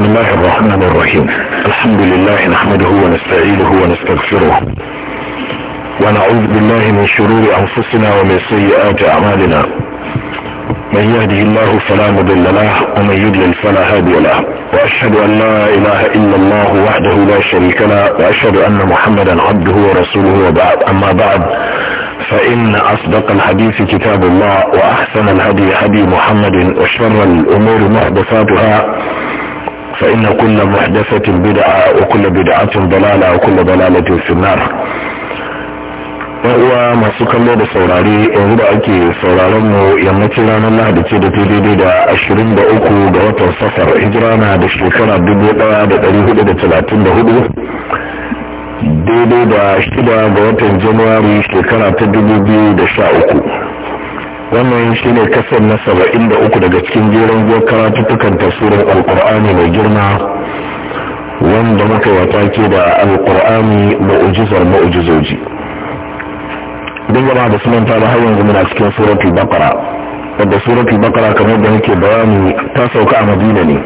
بسم الله الرحمن الرحيم الحمد لله نحمده ونستعينه ونستغفره ونعوذ بالله من شرور أنفسنا ومن سيئات أعمالنا من يهده الله فلا مضل له ومن يضلل فلا هادي له وأشهد أن لا إله إلا الله وحده لا شريك له وأشهد أن محمدا عبده ورسوله وبعد أما بعد فإن أصدق الحديث كتاب الله وأحسن الهدي هدي محمد وشر الأمور محدثاتها فإن كل محدثة بدعة وكل بدعة ضلالة وكل ضلالة في النار uwa masu kallo da saurari yanzu da ake sauraron yammacin ranar lahadi ce da ta daidai da ashirin da uku ga watan safar hijira na da shekara dubu daya da dari hudu da talatin da hudu daidai da shida ga watan januwari shekara ta dubu biyu da sha uku wannan shi ne kasar na saba'in da uku daga cikin jeron zuwa karatuttukan tasirin alkur'ani mai girma wanda muka wata ke da alkur'ani ma'ujizar ma'ujizoji don da sunanta da har yanzu muna cikin suratu bakara wadda suratu bakara kamar da nake bayani ta sauka a madina ne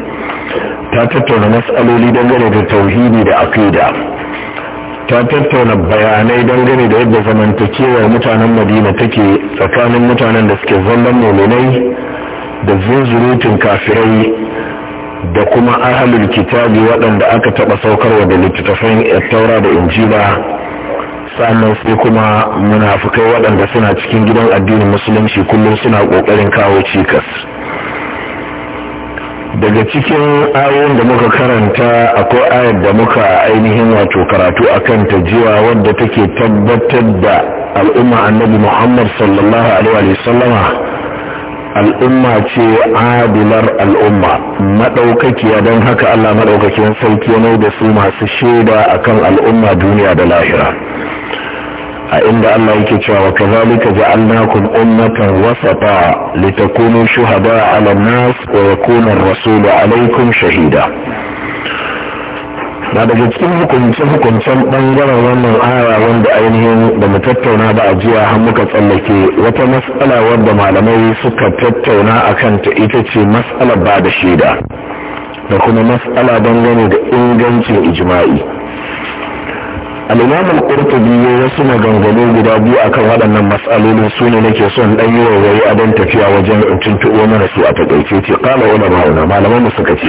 ta tattauna matsaloli dangane da tauhidi da akida ta tattauna bayanai dangane da yadda zamantakewar mutanen madina take tsakanin mutanen da suke zallan muminai da zunzurutun kafirai da kuma ahalul kitabi waɗanda aka taɓa saukarwa da littattafan taura da injila sannan sai kuma munafukai waɗanda suna cikin gidan addinin musulunci kullum suna ƙoƙarin kawo cikas daga cikin ayoyin da muka karanta akwai ayar da muka ainihin wato karatu a kan tajiwa wadda take tabbatar da al'umma annabi muhammad sallallahu alaihi sallama al'umma ce adilar al'umma maɗaukakiya don haka allah maɗaukakin sarki ne da su masu shaida akan al'umma duniya da lahira a inda Allah yake cewa wa kazalika ja'alnakum ummatan wasata litakunu shuhada 'ala an-nas wa yakuna ar-rasulu 'alaykum shahida na daga cikin hukunce-hukuncen bangaren wannan aya wanda ainihin da mu tattauna ba a jiya har muka tsallake wata matsala wadda malamai suka tattauna a kanta ita ce matsalar ba da shaida da kuma matsala dangane da ingancin ijima'i al'umam al-qurtubi ne wasu maganganu guda biyu akan waɗannan matsalolin su nake son dan yi wawaye abin tafiya wajen tuntuɓo mana su a taƙaice ce kala wani ma'una malaman mu suka ce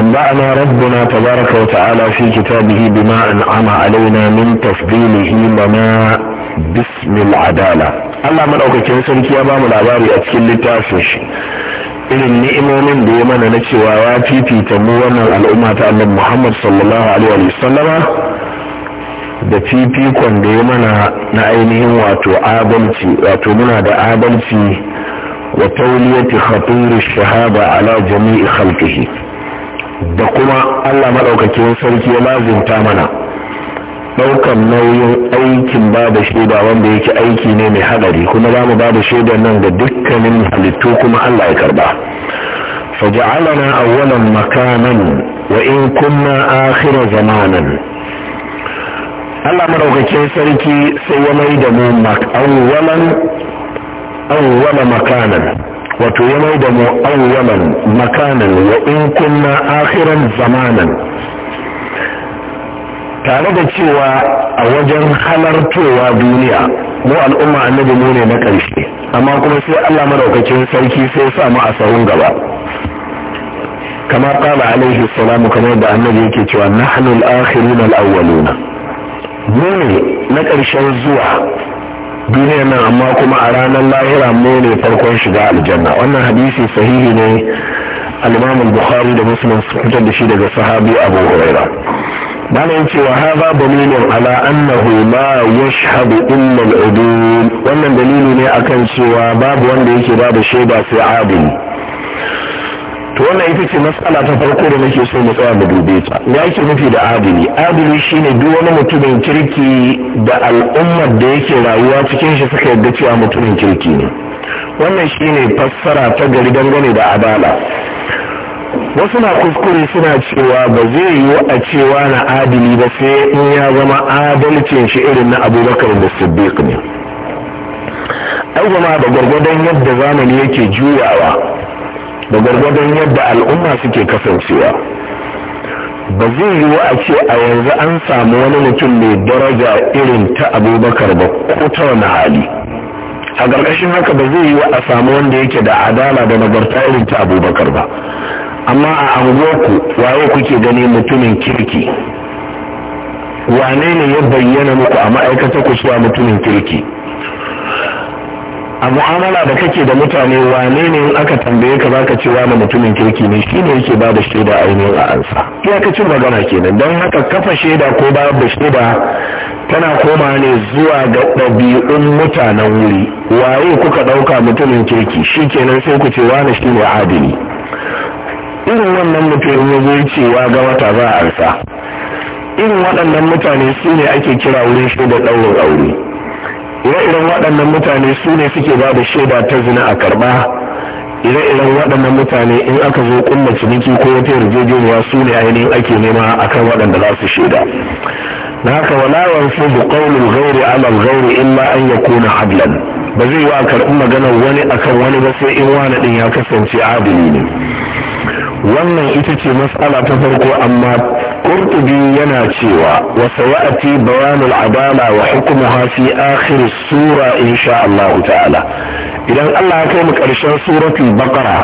an ba ana rabbuna tabaraka wa ta'ala fi kitabihi bima an'ama alaina min tafdilihi lana bismil adala Allah maɗaukacin sarki ya ba mu labari a cikin littafin shi irin ni'imomin da ya mana na cewa ya fifita mu wannan al'umma ta allah Muhammad sallallahu alaihi wa sallama da fifikon da ya mana na ainihin wato adalci wato muna da adalci wa tauliyati khatiri shahaba ala jami'i khalqihi da kuma Allah madaukakin sarki ya lazimta mana ɗaukan nauyin aikin ba da shaida wanda yake aiki ne mai hadari kuma za mu ba da shaidar nan ga dukkanin halittu kuma Allah ya karba faja'alana awwalan makanan wa in kunna akhir zamanan Allah madaukakin sarki sai ya mai da mu awwalan awwala makanan wato ya mai da mu awwalan makanan wa in kunna akhiran zamanan tare da cewa a wajen halartowa duniya mu al'umma annabi mu ne na ƙarshe amma kuma sai Allah madaukakin sarki sai sa mu a gaba kama qala alaihi salamu kamar da annabi yake cewa nahnu al-akhirun al awwaluna mu ne na ƙarshen zuwa duniya nan amma kuma a ranar lahira mu ne farkon shiga aljanna wannan hadisi sahihi ne al-imam al-bukhari da muslim sun fitar da shi daga sahabi abu huraira malam ce wa hadha dalilun ala annahu ma yashhadu illa al-udul wannan dalili ne akan cewa babu wanda yake ba da shaida sai adil to wannan ita ce matsala ta farko da nake so mu tsaya mu dube ta me yake nufi da adili adili shine duk wani mutumin kirki da al'ummar da yake rayuwa cikin shi suka yarda cewa mutumin kirki ne wannan shine fassara ta gari dangane da adala wasu na kuskure suna cewa ba zai wa a cewa na adili ba sai in ya zama adalcin shi irin na abubakar da siddiq ne ai zama da gwargwadon yadda zamani yake juyawa da gwargwadon yadda al'umma suke kasancewa ba zai wa a ce a yanzu an samu wani mutum mai daraja irin ta abubakar ba ko ta wani hali a ƙarƙashin haka ba zai wa a samu wanda yake da adala da nagarta irin ta abubakar ba amma a anguwarku waye kuke gani mutumin kirki wane ne ya bayyana muku a ma'aikata ku a mutumin kirki a mu'amala da kake da mutane wane ne in aka tambaye ka baka cewa wani mutumin kirki ne shi ne yake ba shaida ainihin a ansa iyakacin magana kenan don haka kafa shaida ko ba da shaida tana koma ne zuwa ga ɗabi'un mutanen wuri waye kuka ɗauka mutumin kirki shi kenan sai ku ce wani shi ne adili irin wannan mutum ya zo cewa ga wata za a ansa irin waɗannan mutane su ne ake kira wurin shaidar ɗaurin aure ire-iren waɗannan mutane su ne suke ba da shaida ta zina a karɓa ire-iren waɗannan mutane in aka zo kunna ciniki ko wata yarjejeniya su ne ainihin ake nema a kan waɗanda za su shaida na haka wala yanfudu qawlul ghairi ala ghairi illa an yakuna hadlan ba zai yi wa karɓi maganar wani akan wani ba sai in wani ɗin ya kasance adili ne wannan ita ce matsala ta farko amma qurtubi yana cewa wa sayati bayanul adala wa hukmuha fi akhir sura insha Allah ta'ala idan Allah ya kai mu karshen suratul baqara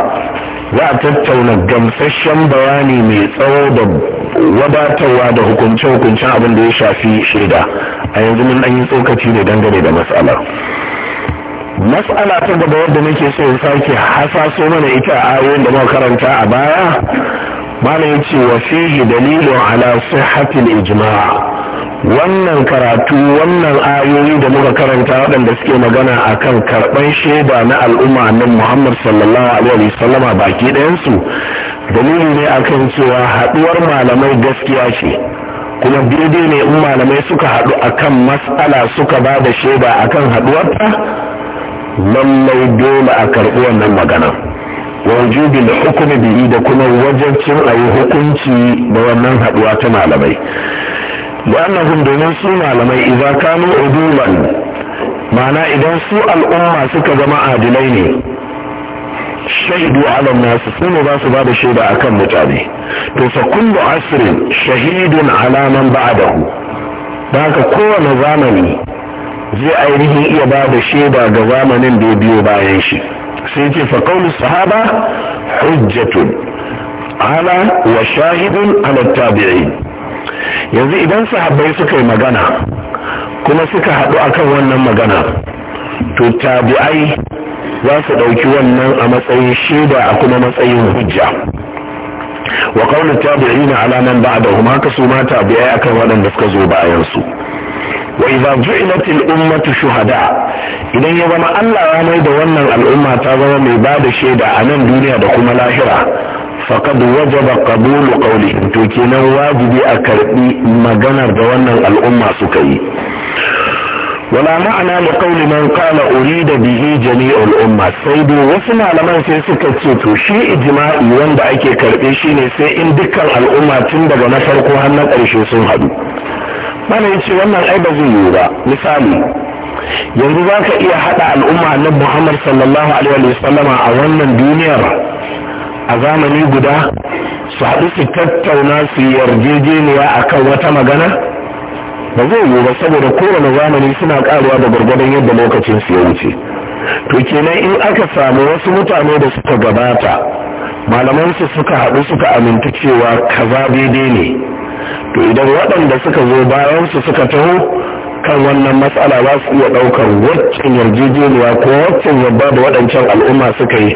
za a tattauna gamsasshen bayani mai tsawo da wadatarwa da hukunce-hukuncen abin da ya shafi shaida a yanzu mun an yi tsokaci ne dangane da matsalar mas'ala ta gaba wadda nake so in sake hasaso mana ita a ayoyin da muka karanta a baya malam yace wa fihi dalilu ala sihhatil ijma' wannan karatu wannan ayoyi da muka karanta waɗanda suke magana akan karɓar shaida na al'umma nan muhammad sallallahu alaihi wasallama baki ɗayansu dalili ne akan cewa haɗuwar malamai gaskiya ce kuma daidai ne in malamai suka haɗu akan mas'ala suka ba da shaida akan haɗuwarta lallai dole a karɓi wannan magana wajibin hukumi bihi da kuma wajen a yi hukunci da wannan haɗuwa ta malamai لأنهم domin su malamai idza kanu udulan ma'ana idan su al'umma suka zama adilai ne shaidu ala nasu su ne za su ba da shaida kan mutane to fa kullu asrin shahidun alaman man da haka kowane zamani zai ainihin iya ba da shaida ga zamanin da ya biyo bayan shi sai ce fa qaulus sahaba hujjatun ala wa shahidun ala tabi'i yanzu idan sahabbai suka yi magana kuma suka haɗu akan wannan magana to tabi'ai za su ɗauki wannan a matsayin shaida a kuma matsayin hujja wa tabi'i tabi'ina alaman ba da haka ka su ma tabi'ai akan waɗanda suka zo bayan su wa idza ju'ilatil ummatu shuhada idan ya zama Allah ya mai da wannan al'umma ta zama mai ba da shaida a nan duniya da kuma lahira faqad wajaba qabulu qawli to kenan wajibi a karbi maganar da wannan al'umma suka yi wala ma'ana da kauli man kala uri da bihi jami'ul umma sai dai wasu malaman sai suka ce to shi ijma'i wanda ake karbe shi ne sai in dukkan al'umma tun daga na farko har na ƙarshe sun haɗu mana yace wannan ai ba zai yiwu ba misali yanzu za ka iya haɗa al'umma na muhammad sallallahu alaihi wasallama a wannan duniyar a zamani guda su haɗu su tattauna su yarjejeniya a kan wata magana ba zai yiwu ba saboda kowane zamani suna ƙaruwa da gwargwadon yadda lokacin su ya wuce to kenan in aka samu wasu mutane da suka gabata malamansu suka haɗu suka aminta cewa kaza daidai ne to idan waɗanda suka zo bayansu suka taho kan wannan matsala za su iya ɗaukar waccan yarjejeniya ko waccan yabba da waɗancan al'umma suka yi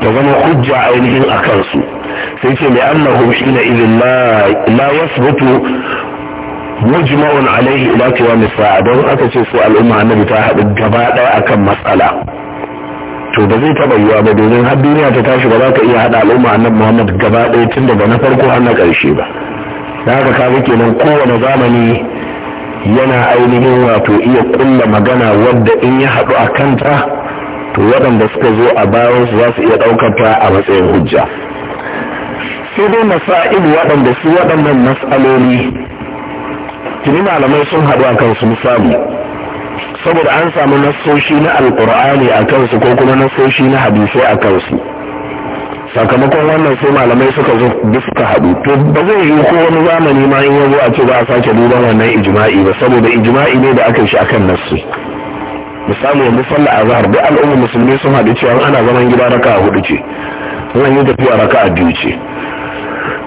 ta zama hujja ainihin a kansu sai ce mai annahu shi na izin la yasbutu mujma'un alaihi ila nisa, don aka ce su al'umma annabi ta haɗu gaba ɗaya akan matsala to da zai taɓa yiwa ba domin har duniya ta tashi ba za ka iya haɗa al'umma annabi Muhammad gaba ɗaya tun daga na farko har na ƙarshe ba da haka kaga kenan kowane zamani yana ainihin wato iya kulla magana wadda in ya haɗu a kanta to waɗanda suka zo a bayan su za su iya ɗaukata a matsayin hujja sai dai masa'il waɗanda su waɗannan matsaloli tuni malamai sun haɗu a kansu misali saboda an samu nassoshi na alƙur'ani a kansu ko kuma nassoshi na hadisai a kansu sakamakon wannan sai malamai suka zo duk suka haɗu to ba zai yi ko wani zamani ma in yazo a ce za a sake duban wannan ijma'i ba saboda ijma'i ne da aka yi shi akan nasu misali yanzu sallah azhar duk al'umma musulmi sun haɗu cewa ana zaman gida raka hudu ce wannan yi tafiya raka biyu ce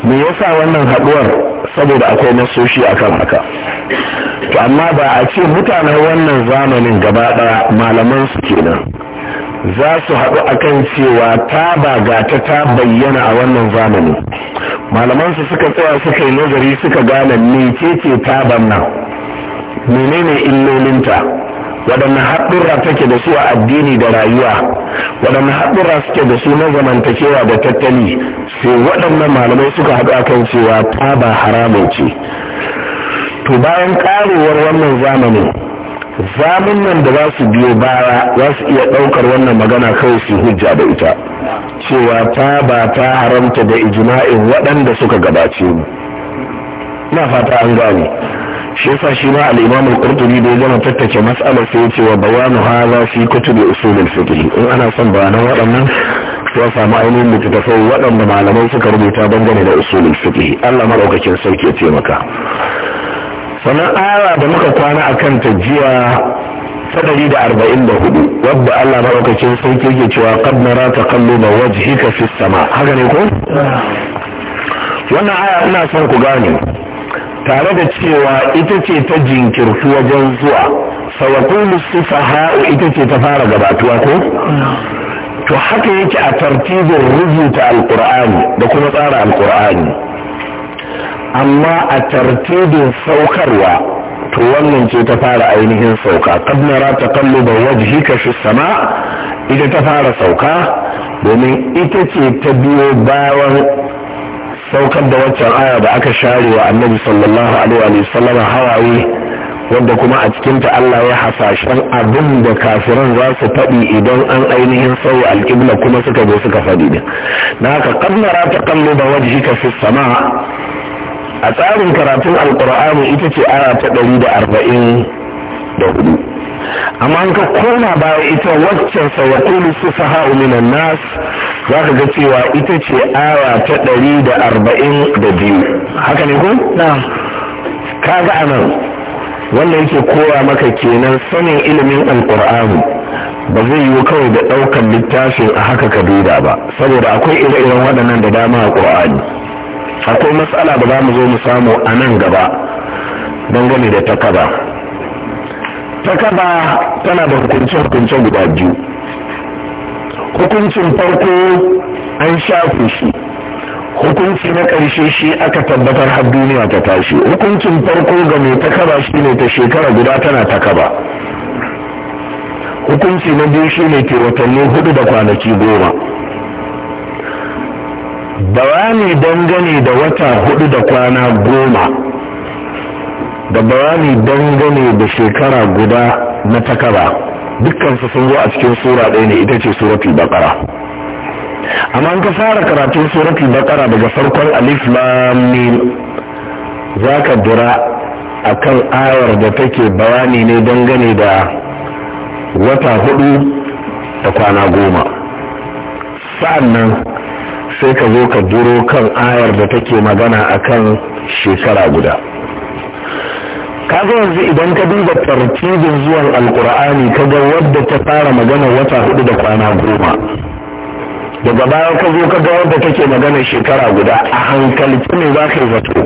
me yasa wannan haɗuwar saboda akwai nasoshi akan haka to amma ba a ce mutanen wannan zamanin gaba ɗaya malaman su kenan za su haɗu akan cewa ta ba ga ta ta bayyana a wannan zamani malaman su suka tsaya suka yi nazari suka gane mecece taban nan menene illolinta waɗanne haɗurra take da su a addini da rayuwa waɗanne haɗurra suke da su na zamantakewa da tattali sai waɗannan malamai suka haɗu akan cewa ta ba haramun ce to bayan ƙarowar wannan zamanin zamun nan da za su biyo baya za su iya ɗaukar wannan magana kawai su hujja da ita cewa ta ba ta haramta da ijma'in waɗanda suka gabace mu na fata an gane shi yasa shi ma al-Imam al-Qurtubi da ya gama tattace mas'alar sai yace wa bayanu hadha fi kutub usul al-fiqh in ana son bayanan waɗannan to samu ainihin littattafai waɗanda malamai suka rubuta dangane da usul al-fiqh Allah madaukakin sauke ya taimaka sannan aya da muka kwana a kan jiya ta da arba'in da hudu wadda Allah maɗaukakin sauki yake cewa kad nara ta kallo ba wajhika hika sama haka ne ko wannan aya ina son ku gane tare da cewa ita ce ta jinkirtu wajen zuwa sayakulu sufaha'u ita ce ta fara gabatuwa ko to haka yake a tartibin rubuta alkur'ani da kuma tsara alkur'ani amma a tartibin saukarwa to wannan ce ta fara ainihin sauka kadnara ta kallo da wajhika fi sama ita ta fara sauka domin ita ce ta biyo bayan saukar da waccan aya da aka share wa annabi sallallahu alaihi wa sallam hawaye wadda kuma a cikinta Allah ya hasashen abin da kafiran za su faɗi idan an ainihin sauya alƙibla kuma suka zo suka faɗi din na haka kadnara ta kallo da wajhika fi sama a tsarin karatun alkur'ani ita ce aya ta ɗari da arba'in da hudu amma an ka koma baya ita waccan sa ya kulu su saha'u minan nas za ka ga cewa ita ce aya ta ɗari da arba'in da biyu haka ne ko? ka ga anan wannan yake kowa maka kenan sanin ilimin alkur'ani ba zai yiwu kawai da ɗaukar littafin a haka ka ba saboda akwai ire-iren waɗannan da dama a ƙur'ani akwai matsala da za mu zo mu samu a nan gaba dangane da takaba takaba tana da hukunce-hukunce guda biyu hukuncin farko an shafe shi hukunci na ƙarshe shi aka tabbatar har duniya ta tashi hukuncin farko ga mai takaba shi ne ta shekara guda tana takaba hukunci na biyu shi ne ke watanni hudu da kwanaki goma wani dangane da wata hudu da kwana goma da bayani dangane da shekara guda na takaba dukkansu sun zo a cikin sura ɗaya ne ita ce suratul bakara amma an ka fara karatun suratul bakara daga farkon alif lam za zaka dira kan ayar da take bayani ne dangane da wata hudu da kwana goma sa'an nan. sai ka zo ka duro kan ayar da take magana akan shekara guda zo yanzu idan ka duba tartibin zuwan alkur'ani ka ga wadda ta fara magana wata hudu da kwana goma daga baya ka zo ka ga wadda take magana shekara guda a hankalci ne za ka yi zato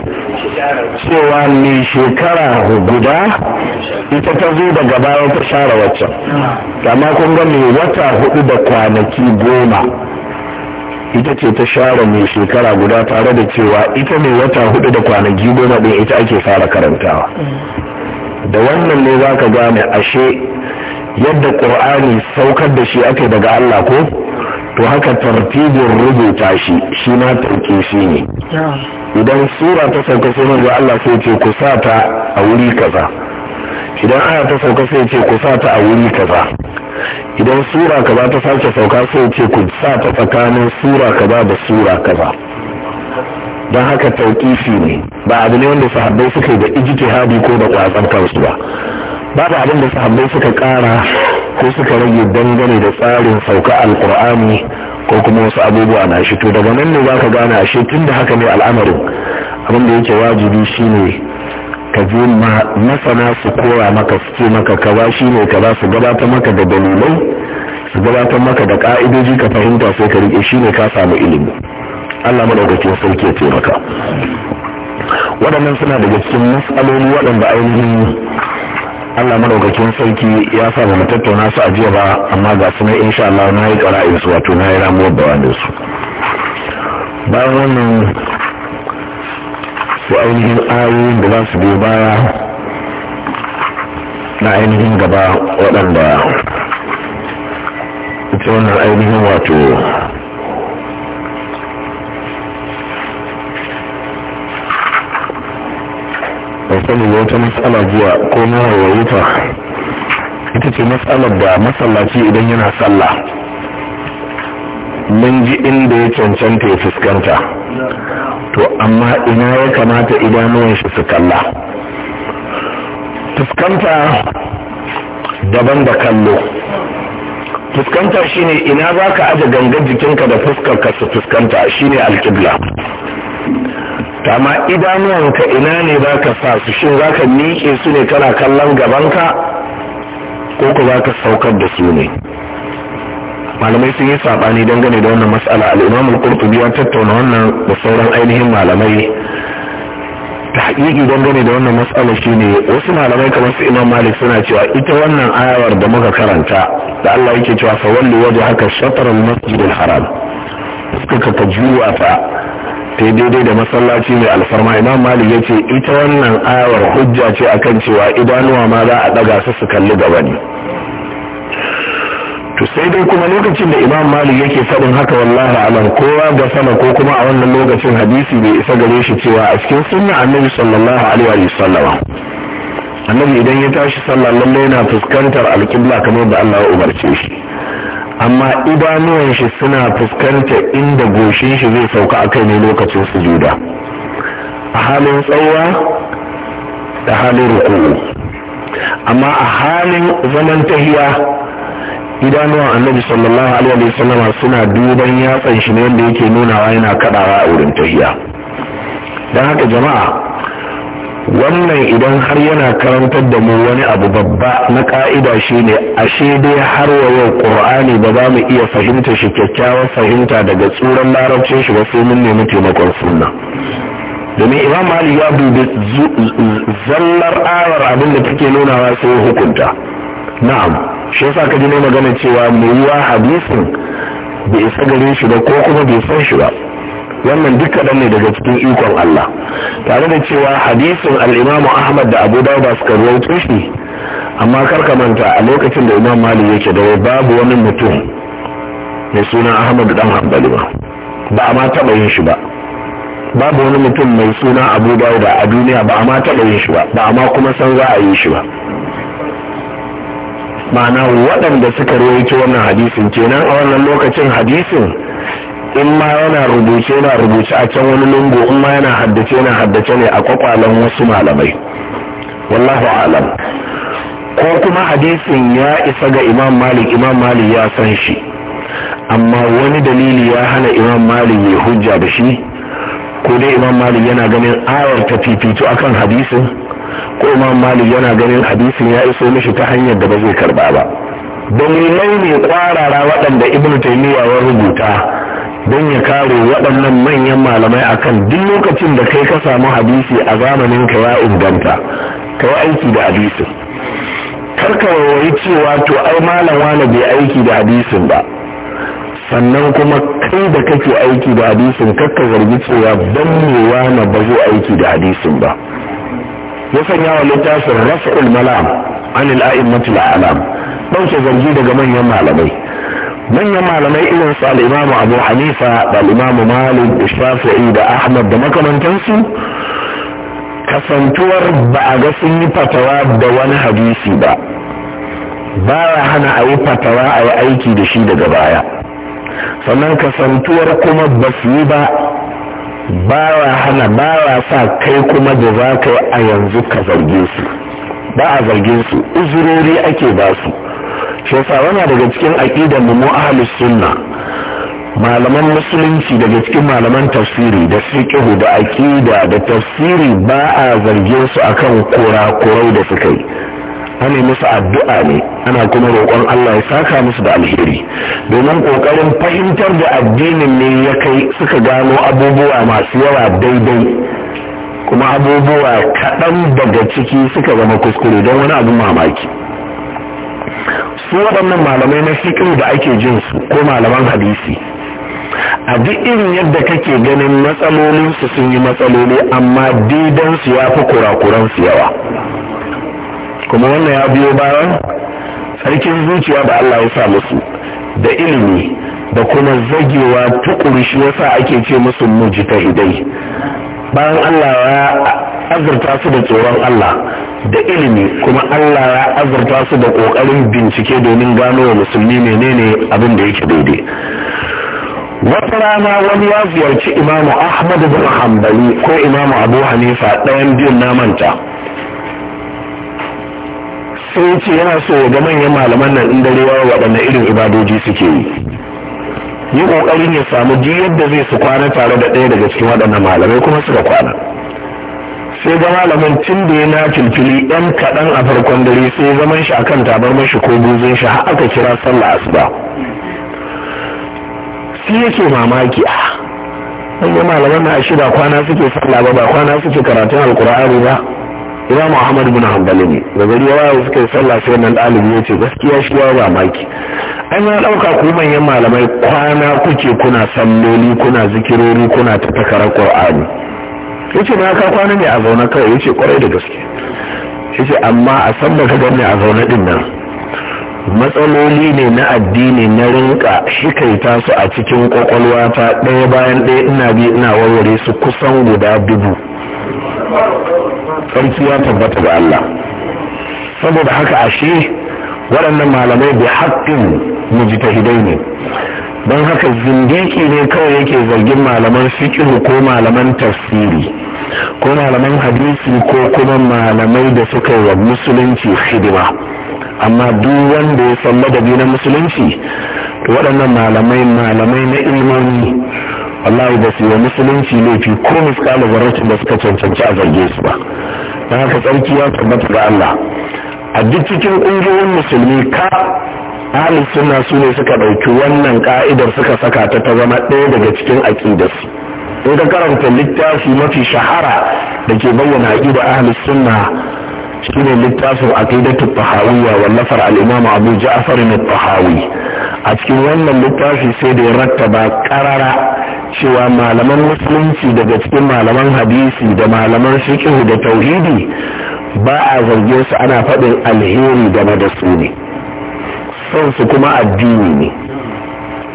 cewa ne shekara guda ita ta zo daga baya ta share waccan kama kun ga mai wata hudu da kwanaki goma ita ce ta share mai shekara guda tare da cewa ita ne wata hudu da kwanaki goma ɗin ita ake fara karantawa da wannan ne za ka gane ashe yadda ƙur'ani saukar da shi ake daga allah ko to haka tartibin rubuta shi shi na tauke shi ne idan sura ta sauka sai manzo allah sai ce ku sa ta a wuri kaza idan aya ta sauka sai ce ku sa ta a wuri kaza idan sura kaza ta sake sauka sai ce ku sa ta tsakanin sura kaza da sura kaza don haka tauƙifi ne ba abu ne wanda sahabbai suka yi da ijtihadi ko da kwatsar kansu ba babu abin da sahabbai suka ƙara ko suka rage dangane da tsarin sauka alƙur'ani ko kuma wasu abubuwa na shi to daga nan ne za ka gane ashe tun da haka ne al'amarin abin da yake wajibi shine ka je masana su koya maka su ce maka kaza shi ne kaza su gabata maka da dalilai su gabata maka da ka'idoji ka fahimta sai ka rike shi ne ka samu ilimi Allah madaukakin sarki ya ce maka waɗannan suna daga cikin matsaloli waɗanda ainihin Allah madaukakin sarki ya sa mu tattauna su a jiya ba amma ga su na insha Allah na yi ƙara'in su wato na yi ramuwar da su bayan wannan da ainihin ayoyin da za su biyo baya na ainihin gaba waɗanda ita wannan ainihin wato mai sani da wata matsala zuwa ko nawa wuta ita ce matsalar da masallaci idan yana sallah mun ji inda ya cancanta ya fuskanta to amma ina ya kamata idanuwan shi su kalla fuskanta daban da kallo fuskanta shine ina za ka aje gangan jikinka da fuskarka su fuskanta shine alkibla Tama idanuwanka ina ne za ka sa su shin za ka miƙe su ne kana kallon gabanka ko ku za ka saukar da su ne malamai sun yi sabani dangane da wannan mas'ala al-imam al-qurtubi ya tattauna wannan da sauran ainihin malamai ta haƙiƙi dangane da wannan mas'ala shine wasu malamai kamar su imam malik suna cewa ita wannan ayawar da muka karanta da Allah yake cewa fa walli waje haka shatar al-masjid al-haram suka ka juwa ta ta daidai da masallaci mai alfarma imam malik ya ce ita wannan ayawar hujja ce akan cewa idanuwa ma za a ɗaga su su kalli gaba ne to sai dai kuma lokacin da imam malik yake faɗin haka wallahi alam kowa ga sama ko kuma a wannan lokacin hadisi bai isa gare shi cewa a cikin sunna annabi sallallahu alaihi wa sallama annabi idan ya tashi sallah lalle yana fuskantar alƙibla kamar da Allah ya umarce shi amma idanuwan shi suna fuskantar inda goshin shi zai sauka a kai ne lokacin sujuda a halin tsawa da halin ruku'u amma a halin zaman tahiya idanuwan annabi sallallahu alaihi wa suna duban yatsan shi ne wanda yake nunawa yana kadawa a wurin tahiya dan haka jama'a wannan idan har yana karantar da mu wani abu babba na ka'ida shi ne ashe dai har wa yau qur'ani ba za mu iya fahimta shi kyakkyawar fahimta daga tsuran larabcin shi ba sai mun nemi taimakon sunna domin imam mali ya dubi zallar arar abin da take nunawa sai hukunta na'am shi yasa ka ji ne magana cewa mai yiwa hadisin bai isa gare shi ba ko kuma bai san shi ba wannan duk kaɗan ne daga cikin ikon Allah tare da cewa hadisin al'imamu Ahmad da Abu Dawud suka rawaito shi amma kar ka manta a lokacin da Imam Malik yake da babu wani mutum mai suna Ahmad dan Hanbali ba ba a ma taɓa yin shi ba babu wani mutum mai suna Abu Dawud a duniya ba a ma taɓa yin shi ba ba a ma kuma san za a yi shi ba ma'ana waɗanda suka rawaito wannan hadisin kenan a wannan lokacin hadisin in ma yana rubuce yana rubuce a can wani lungu in ma yana haddace yana haddace ne a kwakwalen wasu malamai wallahu alam ko kuma hadisin ya isa ga imam malik imam malik ya san shi amma wani dalili ya hana imam malik ya hujja da shi ko dai imam malik yana ganin ayar ta fifito akan hadisin ko imam malik yana ganin hadisin ya iso mishi ta hanyar da ba zai karba ba dalilai ne kwarara waɗanda ibn taymiya ya rubuta don ya kare waɗannan manyan malamai akan duk lokacin da kai ka samu hadisi a zamanin ka ya inganta ka yi aiki da hadisin karka wawayi cewa to ai malam wani bai aiki da hadisin ba sannan kuma kai da kake aiki da hadisin kakka zargi cewa don me wani ba zai aiki da hadisin ba ya sanya wa littafin raf'ul malam an al'a'immatul alam zargi daga manyan malamai manyan malamai irin su al'imamu abu hanifa da al'imamu malik da shafi'i da ahmad da makamantansu kasantuwar ba a ga sun yi fatawa da wani hadisi ba baya hana ayi yi fatawa a yi aiki da shi daga baya sannan kasantuwar kuma ba su yi ba bawa hana bawa sa kai kuma da za ka yi a yanzu ka zarge su ba a zarge su uzurori ake ba su shi yasa wana daga cikin aƙidar mu mu ahlus sunna malaman musulunci daga cikin malaman tafsiri da fiqh da aƙida da tafsiri ba a zarge su akan kurakurai da suka yi ana musu addu'a ne ana kuma roƙon Allah ya saka musu da alheri domin ƙoƙarin fahimtar da addinin ne ya kai suka gano abubuwa masu yawa daidai kuma abubuwa kaɗan daga ciki suka zama kuskure don wani abin mamaki su waɗannan malamai na fiƙir da ake jin su ko malaman hadisi a duk irin yadda kake ganin matsalolinsu sun yi matsaloli amma didansu ya fi kurakuransu yawa kuma wannan ya biyo bayan sarkin zuciya da Allah ya sa musu da ilimi da kuma zagewa tukuri shi yasa ake ce musu idai bayan Allah ya azurta su da tsoron Allah da ilimi kuma Allah ya azurta su da kokarin bincike domin gano wa musulmi menene abin da yake daidai wata rana wani ya ziyarci imamu ahmad bin hanbali ko imamu abu hanifa ɗayan biyun na manta sai ya ce yana so ya ga manyan malaman nan in dare yawa waɗanne irin ibadoji suke yi yi ƙoƙarin ya samu duk yadda zai su kwana tare da ɗaya daga cikin waɗannan malamai kuma suka kwana sai ga malamin tun da ya na ɗan kaɗan a farkon dare sai zaman shi a kan tabarmar shi ko buzun shi har aka kira sallah asuba sai yake mamaki a ah, manyan malaman na shida kwana suke sallah ba ba kwana suke karatun alkur'ani ba imam ahmad bin hanbali ne da gari yawa suka yi sallah sai nan ɗalibi ya ce gaskiya shi yawa ba maki an yi ɗauka ku manyan malamai kwana kuke kuna salloli kuna zikirori kuna ta takarar ƙur'ani ya ce na ka kwana ne a zaune kawai ya ce ƙwarai da gaske ya amma a san da ka ganni a zaune ɗin nan matsaloli ne na addini na rinka shikaita su a cikin ta ɗaya bayan ɗaya ina bi ina warware su kusan guda dubu kamfi ya tabbata ga Allah saboda haka ashe waɗannan malamai bai haƙƙin mujtahidai ne don haka zindiki ne kawai yake zargin malaman fikihu ko malaman tafsiri ko malaman hadisi ko kuma malamai da suka yi wa musulunci hidima amma duk wanda ya san ladabi na musulunci waɗannan malamai malamai na ilmani wallahi ba su yi wa musulunci laifi ko miskala zarratin da suka cancanci a zarge su ba don haka tsarki ya tabbata ga Allah a duk cikin ƙungiyoyin musulmi ka ahalin suna su ne suka ɗauki wannan ka'idar suka saka ta ta zama ɗaya daga cikin aƙidarsu in ka karanta littafi mafi shahara da ke bayyana aƙidar ahalin sunna ne littafin aqidatu tahawiyya wallafar al abu ja'far al-tahawi a cikin wannan littafi sai da ya rattaba ƙarara. cewa malaman musulunci daga cikin malaman hadisi da malaman shikihu da tauhidi ba a zargin su ana faɗin alheri game da su ne son su kuma addini ne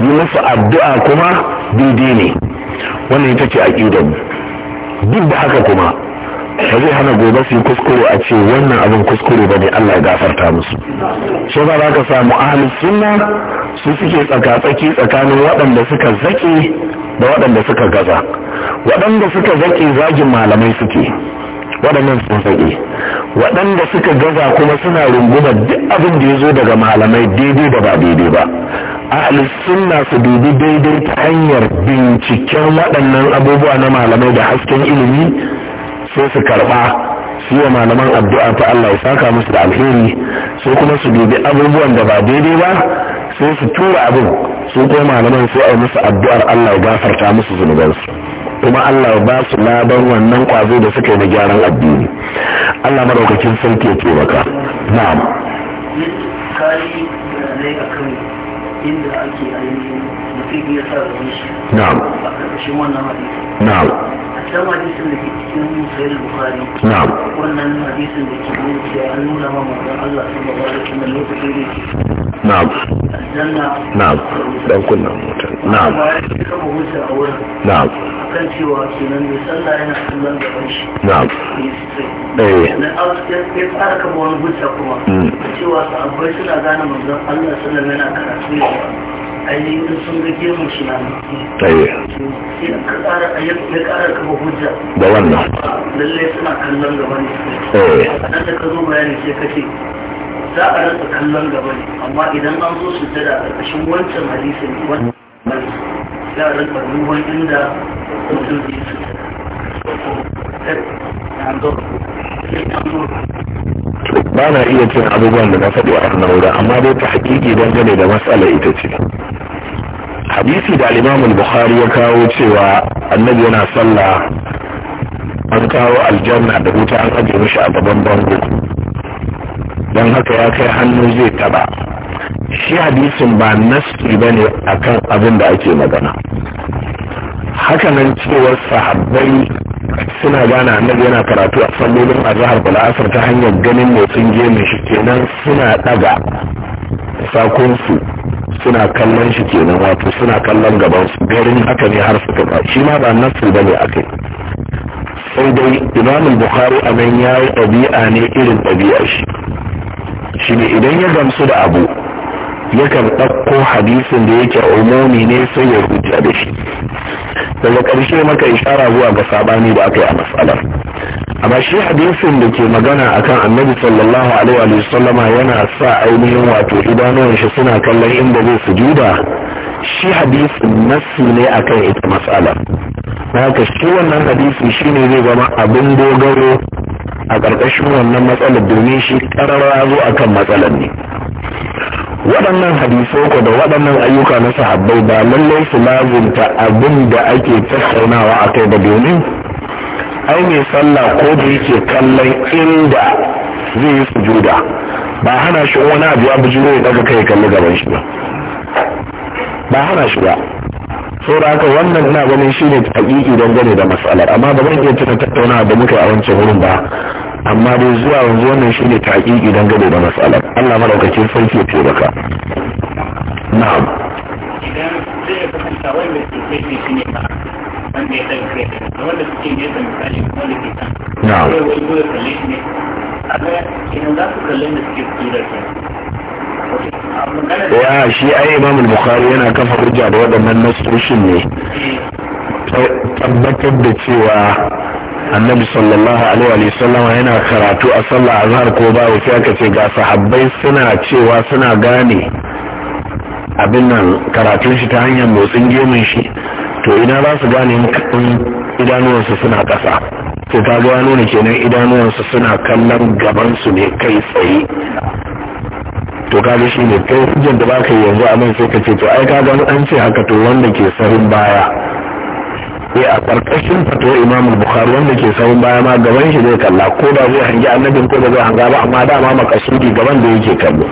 yi musu addu'a kuma daidai ne wannan ita ce aƙidar duk da haka kuma ba zai hana gobe su yi kuskure a ce wannan abin kuskure ba ne Allah ya gafarta musu shi ba za ka samu ahalin sunna su suke tsakatsaki tsakanin waɗanda suka zake da waɗanda suka gaza waɗanda suka zake zagin malamai suke waɗannan sun zaƙe waɗanda suka gaza kuma suna rungumar duk abin da ya zo daga malamai daidai da ba daidai ba ahli sunna su dubi daidai ta hanyar binciken waɗannan abubuwa na malamai da hasken ilimi sai su karɓa su yi malaman addu'a ta Allah ya saka musu da alheri sai kuma su dubi abubuwan da ba daidai ba sai su tura abin su kuma malaman sai a yi musu addu'ar Allah ya gafarta musu zunubansu kuma Allah ya ba su labar wannan kwazo da suka yi na gyaran addini Allah madaukakin sarki ya taimaka na'am kai da inda ake mutum biyu sa zuwan shi na'am a ƙarƙashin wannan hadisi na'am a can hadisin da ke cikin sayar bukari na'am wannan hadisin da ke nuna cewa an nuna ma mutum allah sun ba da kuma lokacin da ke na'am na'am dan kunnan mutum na'am na'am kan cewa kenan mai sallah yana kallon gaban shi na'am eh na ya fara kama wani hujja kuma mm. cewa sahabbai suna gane manzon allah sallallahu alaihi wasallam yana karatu ainihin sun ga gemun shi na sai Ya ƙara ayyukan ƙara kama hujja da wannan lallai suna kallon gaba ne nan da ka zo bayani sai ka ce za a rasa kallon gaba ne amma idan an zo su jada a ƙarƙashin wancan hadisin wannan ya rasa ruwan inda mutum zai su jada. ba na iya cin abubuwan da na faɗi a wannan amma dai ta hakiki gane da matsala ita ce hadisi da al bukhari ya kawo cewa annabi yana sallah an kawo aljanna da wuta an ajiye mishi a gaban bango don haka ya kai hannu zai taba shi hadisin ba nasi ba ne a kan abin da ake magana hakanan cewar sahabbai suna gana annabi yana karatu a sallolin azahar da bala'asar ta hanyar ganin motsin gemun shi kenan suna daga sakonsu suna kallon shi kenan wato suna kallon gaban su garin haka ne har suka ba shi ma ba nasu ba ne akai sai dai imamul bukhari a nan ya yi ɗabi'a ne irin ɗabi'a shi shi ne idan ya gamsu da abu yakan ɗauko hadisin da yake umumi ne sai ya hujja da shi daga ƙarshe maka ishara zuwa ga sabani da aka yi a matsalar amma shi hadisin da ke magana akan annabi sallallahu alaihi wa sallama yana sa ainihin wato idanuwan shi suna kallon inda zai sujuda shi hadisin nassi ne akan ita matsalar haka shi wannan hadisi shine zai zama abin dogaro a ƙarƙashin wannan matsalar domin shi ƙararra zo a kan matsalar ne waɗannan hadisoko da waɗannan ayyuka na sahabbai ba lallai su lazumta abin da ake tattaunawa a kai ba domin ai mai sallah ko da yake kallon inda zai yi sujuda ba hana shi wani abu ya bujiro ya daga kai kalli gaban shi ba ba hana shi ba saboda haka wannan ina ganin shine don gane da matsalar amma ba zan iya tuna tattaunawa da muka a wancan wurin ba amma dai zuwa yanzu wannan shine don gane da matsalar Allah madaukakin sarki ya taimaka na'am idan zai ba wanda ya suke misali na'am ne a idan za da suke ya shi ai imam bukhari yana kafa hujja da waɗannan nasoshin ne tabbatar da cewa annabi sallallahu alaihi wa sallam yana karatu a sallah azhar ko ya sai aka ce ga sahabbai suna cewa suna gane abin nan karatun shi ta hanyar motsin gemun shi to ina za su gane idanuwansu suna ƙasa to ta gano ne kenan idanuwansu suna kallon gabansu ne kai tsaye to kaga shi ne kai hujjar da baka yi yanzu a nan sai ka ce to ai kaga an ce haka to wanda ke sarin baya sai eh, a karkashin fatuwar imam bukhari wanda ke sarin baya ma gaban shi zai kalla ko da zai hangi annabin ko da zai hanga ba amma dama bi gaban da yake kallo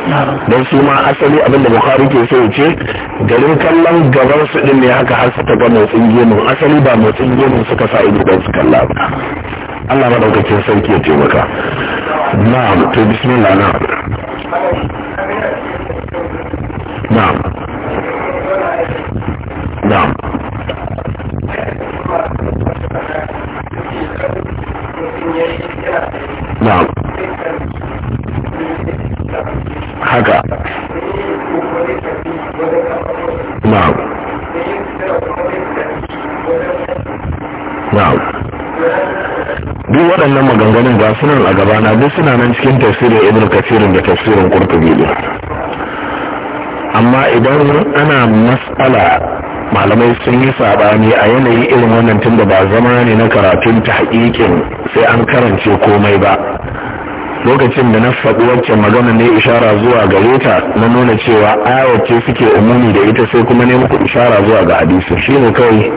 don su ma asali abin da bukhari ke so ce garin kallon gaban su din ne haka har suka ga motsin gemun asali ba motsin gemun suka sa ido don su kalla ba Allah madaukakin sarki ya taimaka na'am to bismillah na'am نعم نعم نعم haka na'am na'am duk waɗannan maganganun ga sunan a gabana duk suna nan cikin tafsirin ibn kafirin da tafsirin kurtubi ne amma idan ana matsala malamai sun yi saɓani a yanayi irin wannan tunda ba zama ne na karatun ta hakikin sai an karance komai ba lokacin da na faɗi wacce magana ne ishara zuwa gare ta na nuna cewa ayawace suke umuni da ita sai kuma ne muku ishara zuwa ga hadisi shine kawai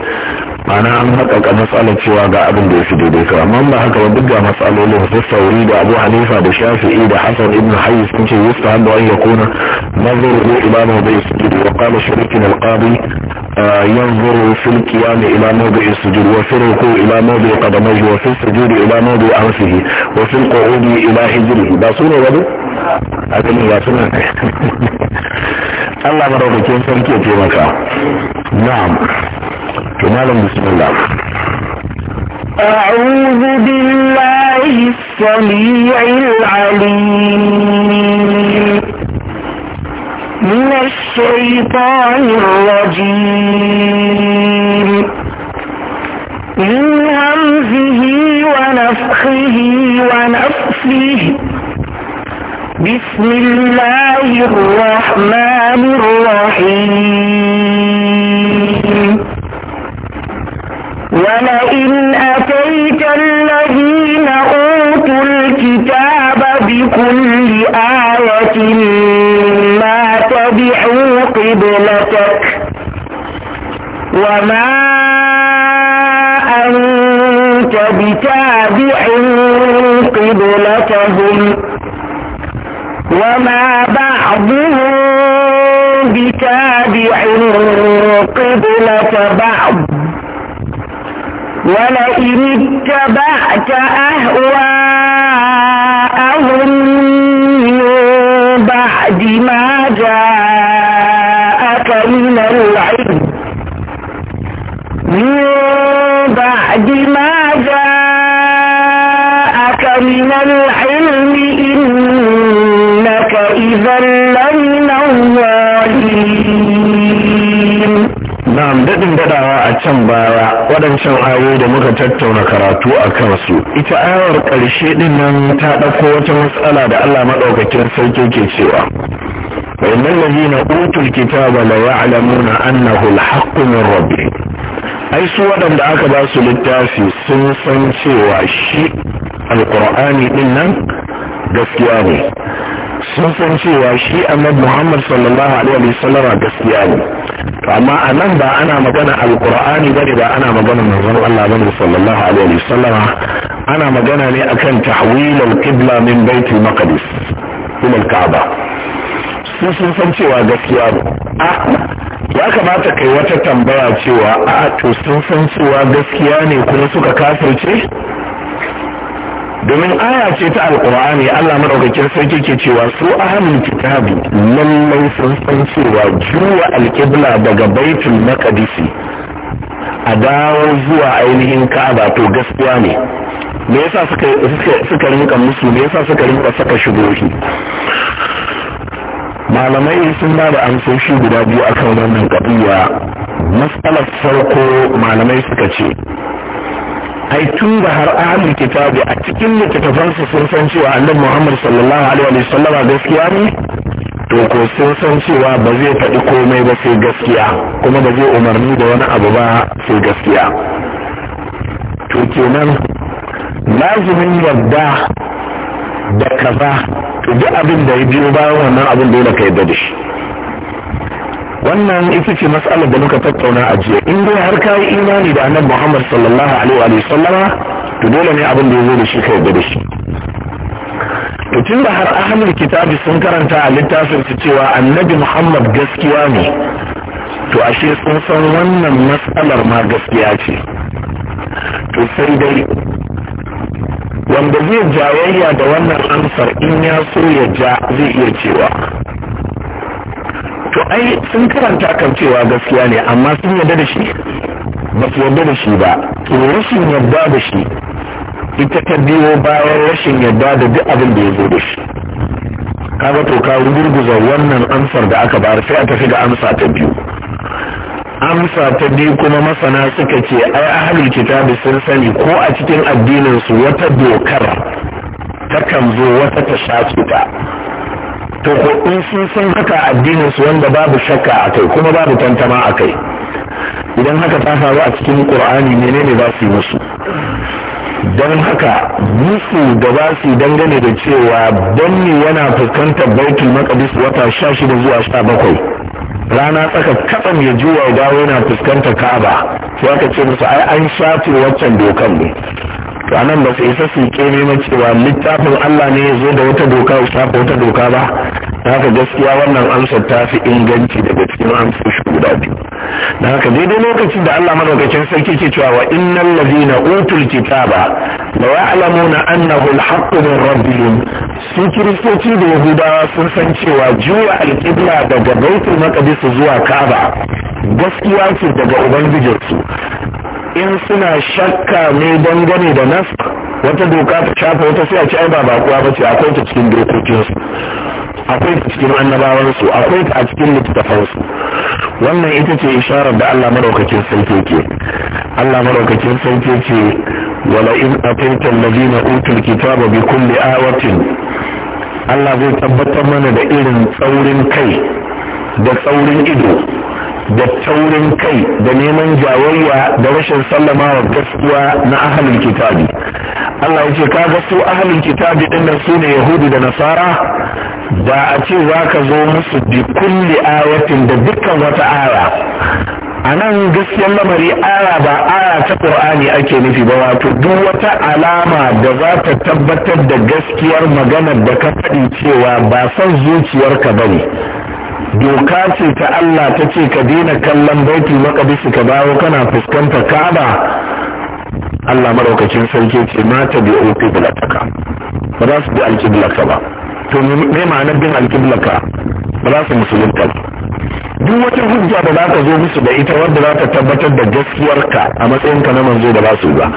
ma'ana an haƙaƙa matsalar cewa ga abin da ya fi daidai to amma ba haka ba duk ga matsalolin su sauri da abu hanifa da shafi'i da hasan ibn hayy sun ce yusta hannu an ya kuna nazar ko imamu bai sujud wa qala sharikin alqadi yanzuru fil qiyam ila mawdi'i sujud wa fil ruku ila mawdi'i qadamayhi wa fil sujud ila mawdi'i ansihi wa fil qu'udi ila hijrihi ba sune ba hakan ya suna Allah maraukakin sarki ya taimaka na'am كمالا بسم الله أعوذ بالله السميع العليم من الشيطان الرجيم من همزه ونفخه ونفسه بسم الله الرحمن الرحيم ولئن أتيت الذين أوتوا الكتاب بكل آية ما تبعوا قبلتك وما أنت بتابع قبلتهم وما بعضهم بتابع قبلة بعض ولئن اتبعت أهواءهم من بعد ما جاءك من العلم من بعد ما جاءك من العلم Na'am daɗin daɗawa a can baya waɗancan ayoyi da muka tattauna karatu a kansu. Ita ayawar ƙarshe ɗin nan ta ɗauko wata matsala da Allah maɗaukakin sarki ke cewa. وإن الذين أوتوا الكتاب ليعلمون أنه الحق من ربهم ai su waɗanda aka ba su littafi sun san cewa shi alƙur'ani ɗin nan gaskiya ne sun san cewa shi annabi muhammad sallallahu alaihi wasallam gaskiya ne to amma a nan ba ana magana alkur'ani ba ne ba ana magana manzon Allah bane sallallahu alaihi wasallama ana magana ne akan tahwil al-qibla min baitul maqdis ila al-ka'ba su sun san cewa gaskiya ne a ya kamata kai wata tambaya cewa a to sun san cewa gaskiya ne kuma suka kafirce domin aya ce ta alkur'ani Allah madaukakin sarki ke cewa su ahlul kitabi lallai sun san cewa juwa alkibla daga baitul maqdisi a dawo zuwa ainihin ka'aba to gaskiya ne me yasa suka suka rinka musu me yasa suka rinka saka shugohi malamai sun ba da amsoshi guda biyu akan wannan kabiya matsalar farko malamai suka ce ai tun da har ahlul kitabi a cikin littattafan su sun san cewa annabi Muhammad sallallahu alaihi wa sallama gaskiya ne to ko sun san cewa ba zai faɗi komai ba sai gaskiya kuma ba zai umarni da wani abu ba sai gaskiya to kenan lazimin yadda da kaza to duk abin da ya biyo bayan wannan abin dole kai da shi wannan ita ce matsalar da muka tattauna a jiya in dai har kayi imani da annabi Muhammad sallallahu alaihi wa sallama to dole ne abin da ya zo da shi kai da shi to tun da har ahlul kitabi sun karanta a littafin su cewa annabi Muhammad gaskiya ne to ashe sun san wannan matsalar ma gaskiya ce to sai dai wanda zai jayayya da wannan amsar in ya so ya ja zai iya cewa to ai sun karanta kan cewa gaskiya ne amma sun yarda da shi ba su yarda da shi ba to rashin yadda da shi ita ta biyo bayan rashin yarda da duk abin da ya zo da shi kaga to ka gurguza wannan amsar da aka bayar sai a tafi da amsa ta biyu amsa ta biyu kuma masana suka ce ai ahlul kitabi sun sani ko a cikin addinin su wata dokar takan zo wata ta shafe ta to ko sun san haka addinin su wanda babu shakka a kai kuma babu tantama a kai idan haka ta faru a cikin qur'ani menene za su yi musu don haka musu da ba su dangane da cewa ne yana fuskantar baitul maqdis wata sha shida zuwa sha bakwai rana tsaka katsam ya juwa dawo yana fuskantar ka'aba sai aka ce musu ai an shafe waccan dokan ne to anan ba su isa su neman cewa littafin Allah ne ya zo da wata doka ya shafa wata doka ba haka gaskiya wannan amsar ta fi inganci daga cikin amsoshi guda biyu da haka daidai lokacin da Allah madaukakin sarki ke cewa wa innal ladina utul kitaba la ya'lamuna annahu alhaqqu min rabbihim su kiristoci da yahudawa sun san cewa juya alqibla daga baitul maqdis zuwa ka'aba gaskiya ce daga ubangijinsu in suna shakka ne dangane da nas wata doka ta shafa wata sai a ci ai ba kuwa bace akwai ta cikin dokokinsu akwai su cikin su akwai su a cikin littattafansu wannan ita ce isharar da Allah madaukakin sarki ke Allah madaukakin sarki ce wala in atayta allazina utul kitaba bi kulli ayatin Allah zai tabbatar mana da irin tsaurin kai da tsaurin ido da taurin kai da neman jawayya da rashin sallama wa gaskiya na ahalin kitabi Allah ya ce kaga su ahalin kitabi din nan su ne Yahudi da nasara da a ce za ka zo musu bi kulli ayatin da dukkan wata aya a nan gaskiyar lamari aya ba aya ta ƙur'ani ake nufi ba wato duk wata alama da za ta tabbatar da gaskiyar maganar da ka faɗi cewa ba son zuciyarka ba ne doka ce ta Allah ta ce ka daina kallon baitul makadisi ka dawo kana fuskantar Ka'aba Allah maraukacin sarki ce mata bi qiblataka ba za su bi alkiblaka ba to me ma'anar bin alkiblaka ba za su musulunta duk wata hujja da za ka zo musu da ita wadda za ta tabbatar da gaskiyarka a matsayinka na manzo da ba su ba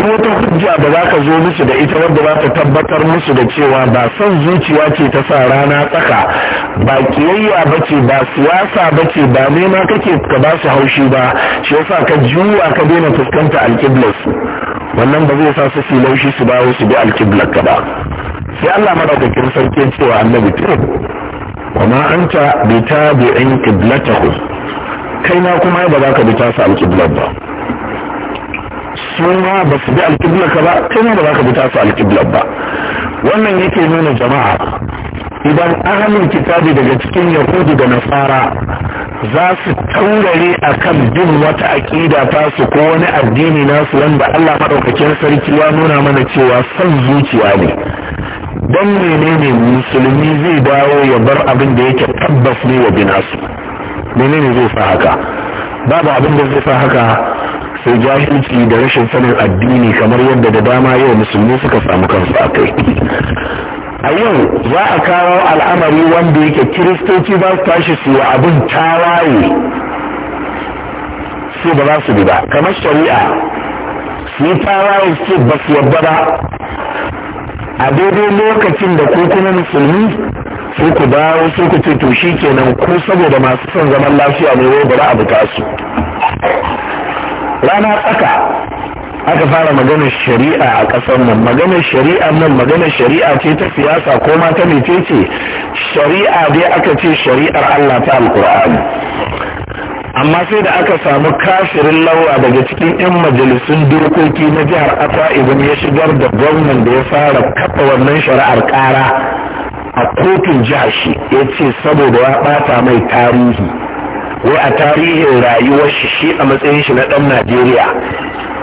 duk wata hujja da za ka zo musu da ita wadda za ta tabbatar musu da cewa ba son zuciya ce ta sa rana tsaka ba kiyayya ba ce ba siyasa ba ce ba nema kake ka ba su haushi ba shi yasa ka juwa ka daina fuskanta alkiblar su wannan ba zai sa su laushi su dawo su bi alkiblar ka ba sai Allah madaukakin sarki cewa annabi to an ta bi tabi'in qiblatahu kai na kuma ba za ka bi ta sa alqiblar ba su ma ba su bi alqiblar ka ba kai na ba za ka bi ta sa alqiblar ba wannan yake nuna jama'a idan ahalin kitabi daga cikin yahudu da nasara za su taurare a kan bin wata aƙida tasu ko wani addini nasu wanda allah maɗaukakin sarki ya nuna mana cewa son zuciya ne don menene musulmi zai dawo ya bar abin da yake tabbas ne wa binasu menene zai sa haka babu abin da zai sa haka sai jahilci da rashin sanin addini kamar yadda da dama yau musulmi suka samu kansu a kai a yau za a kawo al'amari wanda yake kiristoci ba su tashi su yi abin tawaye su ba za su bi ba kamar shari'a su yi tawaye su ba su yabba ba a daidai lokacin da ku kuma musulmi su ku dawo su ku ce to shi kenan ko saboda masu son zaman lafiya ne wai bari a buta su rana tsaka aka fara maganar shari'a a ƙasar nan maganar shari'a nan maganar shari'a ce ta siyasa ko ma ta mece ce shari'a dai aka ce shari'ar Allah ta alkur'ani amma sai da aka samu kafirin lawa daga cikin 'yan majalisun dokoki na jihar ata idan ya shigar da gwamnan da ya fara kafa wannan shari'ar ƙara a kotun jihar shi ya ce saboda ya ɓata mai tarihi wai a tarihin rayuwar shi shi a matsayin shi na ɗan Najeriya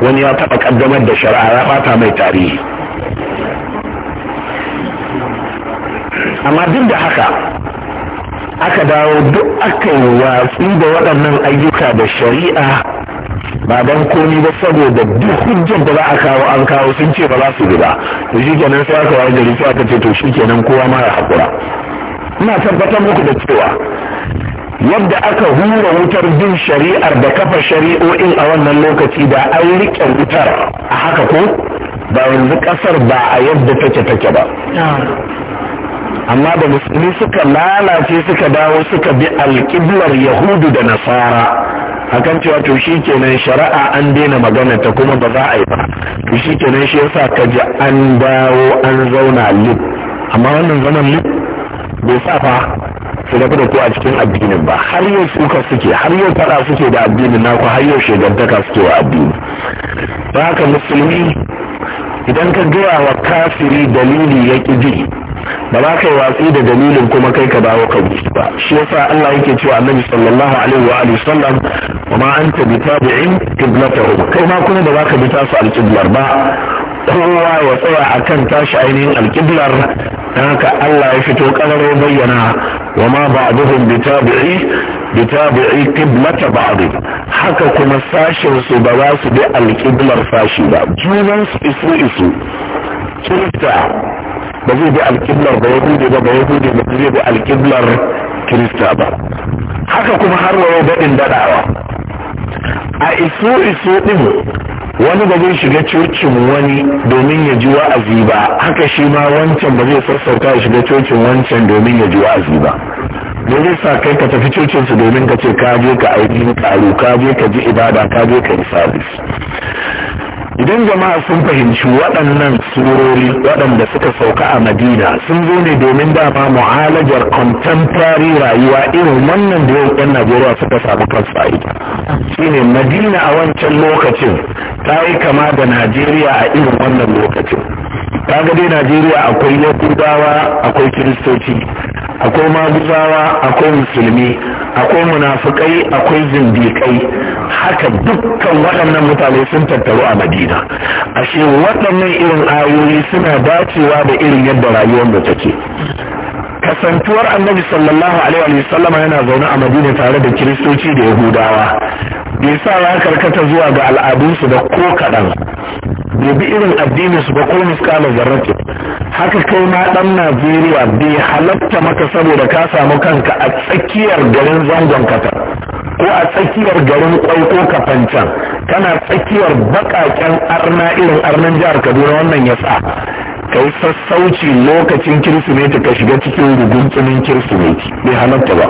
wani ya taɓa ƙaddamar da shari'a ya ɓata mai tarihi amma duk da haka aka dawo duk aka yi watsi da waɗannan ayyuka da shari'a ba don komi ba saboda duk hujjar da za a kawo an kawo sun ce ba za su ba to shi kenan sai aka wani gari sai aka ce to shi kenan kowa mara haƙura ina tabbatar muku da cewa yadda aka hura wutar bin shari'ar da kafa shari'o'in a wannan lokaci da an riƙe wutar a haka ko ba yanzu ƙasar ba a yadda take take ba amma da musulmi suka lalace suka dawo suka bi alƙiblar yahudu da nasara hakan cewa to shi kenan shari'a an daina magana ta kuma ba za a yi ba to shi kenan shi yasa ka ji an dawo an zauna lib amma wannan zaman lib bai sa fa su rabu da ku a cikin addinin ba har yau suka suke har yau fara suke da addinin naku har yau shegantaka suke wa addini ba haka musulmi idan ka gaya wa kafiri dalili ya ƙi ji ba za ka yi watsi da dalilin kuma kai ka dawo ka wuce ba shi yasa Allah yake cewa annabi sallallahu alaihi wa alihi sallam wa ma anta bi tabi'in qiblatahum kai ma kuma da za ka bi tasu alqiblar ba kowa ya tsaya akan tashi ainihin alqiblar dan haka Allah ya fito ƙararrawar bayyana wa ma ba'duhum bi tabi'i bitabi'i qiblata ba'd haka kuma sashin su ba za su bi alqiblar sashi ba junan su isu isu kirista ba zai bi alqiblar ba yahudi ba ba yahudi ba zai bi alqiblar kirista ba haka kuma har wa dadin dadawa a iso iso din wani ba zai shiga cocin wani domin ya ji wa'azi ba haka shi ma wancan ba zai sassauta ya shiga cocin wancan domin ya ji wa'azi ba me zai sa kai ka tafi cocin su domin ka ce ka je ka aiki karu ka je ka ji ibada ka je ka yi sabis idan jama'a sun fahimci waɗannan surori waɗanda suka sauka a madina sun zo ne domin dama mu'alajar contemporary rayuwa irin wannan da yau ɗan najeriya suka samu kansu a ita shine madina a wancan lokacin ta yi kama da najeriya a irin wannan lokacin kaga dai najeriya akwai yahudawa akwai kiristoci akwai maguzawa akwai musulmi akwai munafukai akwai zindikai haka dukkan waɗannan mutane sun tattaru a madina ashe waɗannan irin ayoyi suna dacewa da irin yadda rayuwar da take kasantuwar annabi sallallahu alaihi wa sallama yana zaune a madina tare da kiristoci da yahudawa bai sa ya karkata zuwa ga al'adunsu da ko kaɗan bai bi irin addininsu ba ko miskalar zarrace haka kai ma ɗan najeriya bai halatta maka saboda ka samu kanka a tsakiyar garin zangon kata ko a tsakiyar garin kwai ko kafancan kana tsakiyar baƙaƙen arna irin arnan jihar kaduna wannan ya sa ka yi sassauci lokacin kirsimeti ka shiga cikin rugunsumin kirsimeti bai halatta ba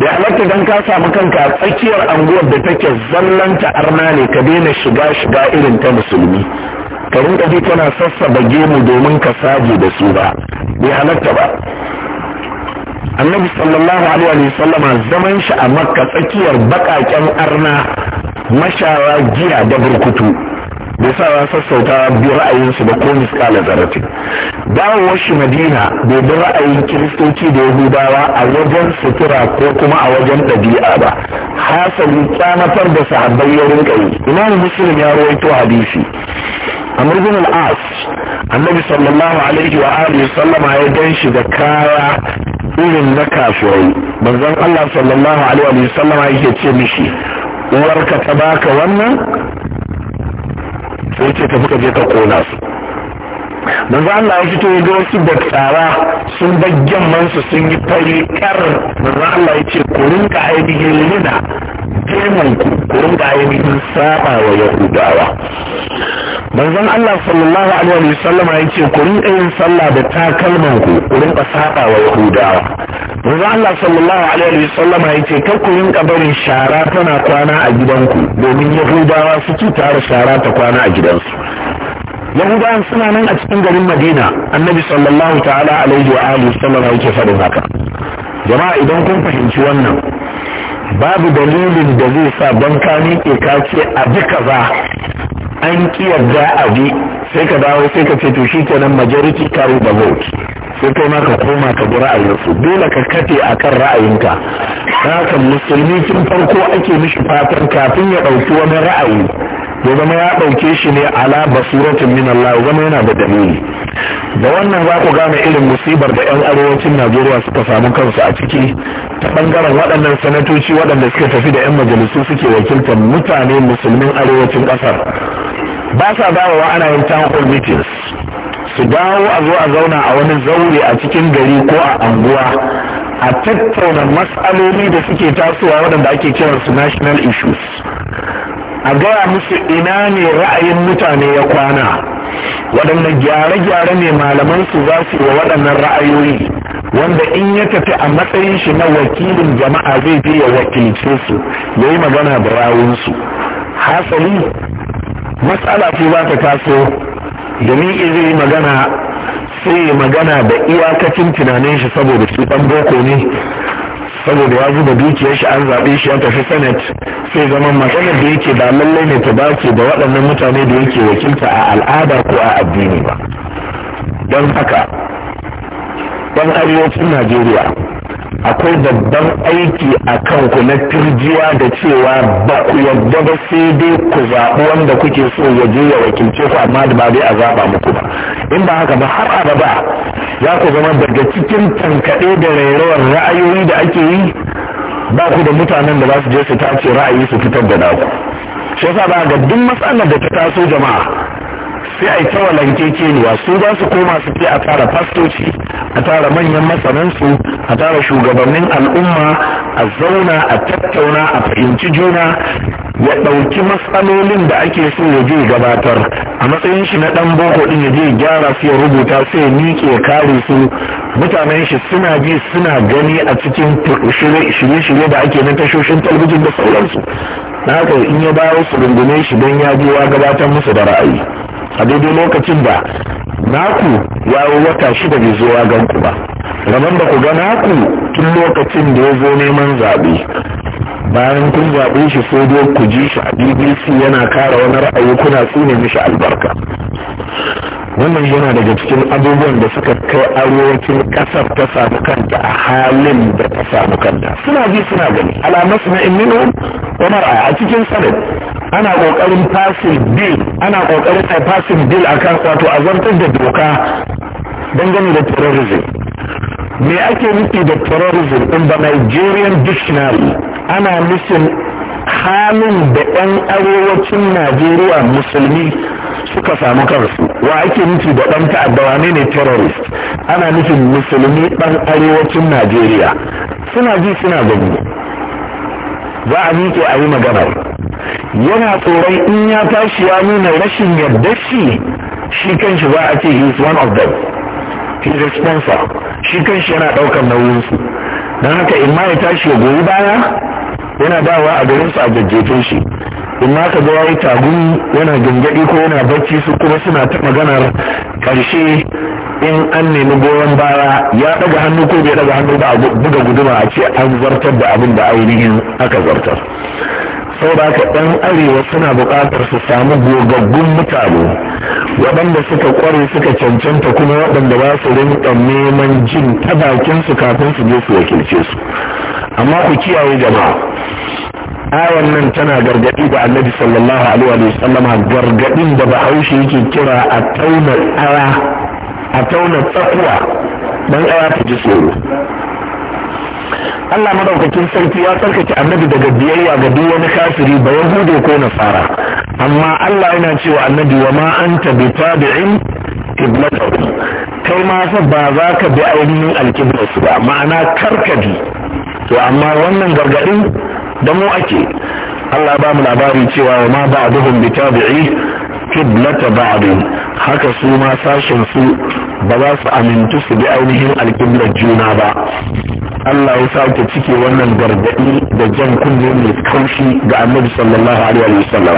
bai halatta don ka samu kanka tsakiyar anguwar da take zallanta arna ne ka daina shiga shiga irin ta musulmi ka rinka ji sassa sassaba gemu domin ka saje da su ba bai halatta ba annabi sallallahu alaihi wa sallama zaman shi a makka tsakiyar baƙaƙen arna mashara giya da burkutu bai sa ran sassauta bi ra'ayinsu ba ko miskala zaratin dawowar shi madina bai bi ra'ayin kiristoci da yahudawa a wajen sutura ko kuma a wajen ɗabi'a ba hasali kyamatar da sahabbai ya rinka yi imamu muslim ya rawaito hadisi amr bin al-as annabi sallallahu alaihi wa alihi sallama ya shi da kaya irin na kafirai manzon Allah sallallahu alaihi wa sallama yake ce mishi uwarka ta baka wannan sai ce tafi ka je ka kona manzo Allah ya fito ya ga wasu dattara sun baggen mansu sun yi fari kar manzo Allah ya ce ku rinka ainihin lina kenan ku rinka ainihin saba wa yahudawa manzon Allah sallallahu alaihi wa sallam ya ce ku rinka yin sallah da takalman ku ku rinka saba wa yahudawa Banzan Allah sallallahu alaihi wa sallam ya ce kar ku rinka barin shara tana kwana a gidanku domin yahudawa ci tare shara ta kwana a gidansu yahudawan suna nan a cikin garin madina annabi sallallahu ta'ala alaihi wa alihi sallam yake faɗin haka jama'a idan kun fahimci wannan babu dalilin da zai sa banka ne ke kace a bi kaza an ki yarda a bi sai ka dawo sai ka ce to kenan majority carry the vote sai kai ma ka koma ka bi ra'ayinsu dole ka kafe akan ra'ayinka haka musulmi tun farko ake mishi fatan kafin ya ɗauki wani ra'ayi ya zama ya ɗauke shi ne ala suratun min Allah zama yana da dalili da wannan za ku gane irin musibar da 'yan arewacin Najeriya suka samu kansu a ciki ta ɓangaren waɗannan sanatoci waɗanda suka tafi da 'yan majalisu suke wakiltar mutane musulmin arewacin ƙasar ba sa dawowa ana yin town hall meetings su dawo a zo a zauna a wani zaure a cikin gari ko a anguwa a tattauna mas'aloli da suke tasowa waɗanda ake kiransu national issues a gaya musu ina ne ra'ayin mutane ya kwana waɗanne gyare-gyare ne malamansu za su yi wa waɗannan ra'ayoyi wanda in ya tafi a matsayin shi na wakilin jama'a zai fi ya wakilce su ya yi magana da rawunsu hasali matsala ce za ta taso domin zai yi magana sai magana da iyakacin tunanin shi saboda su ɗan boko ne saboda ya zuba dukiyar shi an zaɓe shi ya tafi senate sai zama maganar da yake da lallai ne ta dace da waɗannan mutane da yake wakilta a al'ada ko a addini ba don haka ɗan arewacin najeriya akwai babban aiki a kanku na turjiya da cewa ba ku yadda ba sai dai ku zaɓi wanda kuke so ya je ya wakilce ku amma da ba dai a zaɓa muku ba in ba haka ba har abada ya ku zama daga cikin tankaɗe da rairawar ra'ayoyi da ake yi ba ku da mutanen da za su je su tace ra'ayi su fitar da naku shi yasa ba ga duk matsalar da ta taso jama'a sai a yi ta walankekeniya su za su koma su ce a tara fastoci a tara manyan masanansu a tara shugabannin al'umma a zauna a tattauna a fahimci juna ya ɗauki matsalolin da ake so ya je gabatar a matsayin shi na ɗan boko ɗin ya je gyara su ya rubuta sai ya miƙe kare su mutanen shi suna ji suna gani a cikin shirye-shirye da ake na tashoshin talabijin da sauransu na haka in ya dawo su rundune shi don ya je ya gabatar musu da ra'ayi a daidai lokacin da naku ya wata shida bai zo ya ganku ba rabon da ku gana ku tun lokacin da ya zo neman zaɓe bayan kun zaɓe shi sai dai ku ji shi a bbc yana kara wani ra'ayi kuna tsine mishi albarka wannan yana daga cikin abubuwan da suka kai arewacin ƙasar ta samu kanta a halin da ta samu kanta suna ji suna gani alamarsu na iminu wani ra'ayi a cikin sanad ana kokarin fasil bil ana kokarin a fasil bil akan wato azantar da doka dangane da terrorism me ake nufi da terrorism in the nigerian dictionary ana nufin halin da 'yan arewacin najeriya musulmi suka samu kansu wa ake nufi da ɗan ta'adda wane ne terrorist ana nufin musulmi ɗan arewacin najeriya suna ji suna gani za a miƙe a yi magana yana tsoron in ya tashi ya nuna rashin yarda shi shi kanshi za a ce he is one of them he's sponsor shi kanshi yana daukar nauyinsu don haka in ma ya tashi ya goyi baya yana dawa a garinsu a jajjefe shi in ma ka ga yayi tagumi yana gangadi ko yana bacci su kuma suna ta maganar karshe in an nemi goyon baya ya daga hannu ko bai daga hannu ba a buga guduma a ce an zartar da abin da ainihin aka zartar saboda haka ɗan arewa suna buƙatar su samu gogaggun mutane waɗanda suka ƙware suka cancanta kuma waɗanda ba su rinka neman jin ta bakinsu kafin su je su wakilce su amma ku kiyaye jama'a ayan nan tana gargaɗi da annabi sallallahu alaihi wa gargaɗin da bahaushe yake kira a tauna tsara a tauna tsakuwa dan aya ta ji tsoro Allah madaukakin sarki ya tsarkake annabi daga biyayya ga duk wani kafiri ba yahude ko nasara amma Allah yana cewa annabi wa ma anta bi tabi'in qiblatuhum kai ma fa ba za ka bi ainihin alqiblasu ba ma'ana bi to amma wannan gargadin da mu ake Allah ba mu labari cewa wa ma ba'duhum bi tabi'i qiblata ba'din haka su ma sashen su ba za su amintu su bi ainihin alƙiblar juna ba Allah ya sake cike wannan gargadi da jan kunne mai kaushi ga Annabi sallallahu alaihi wa sallam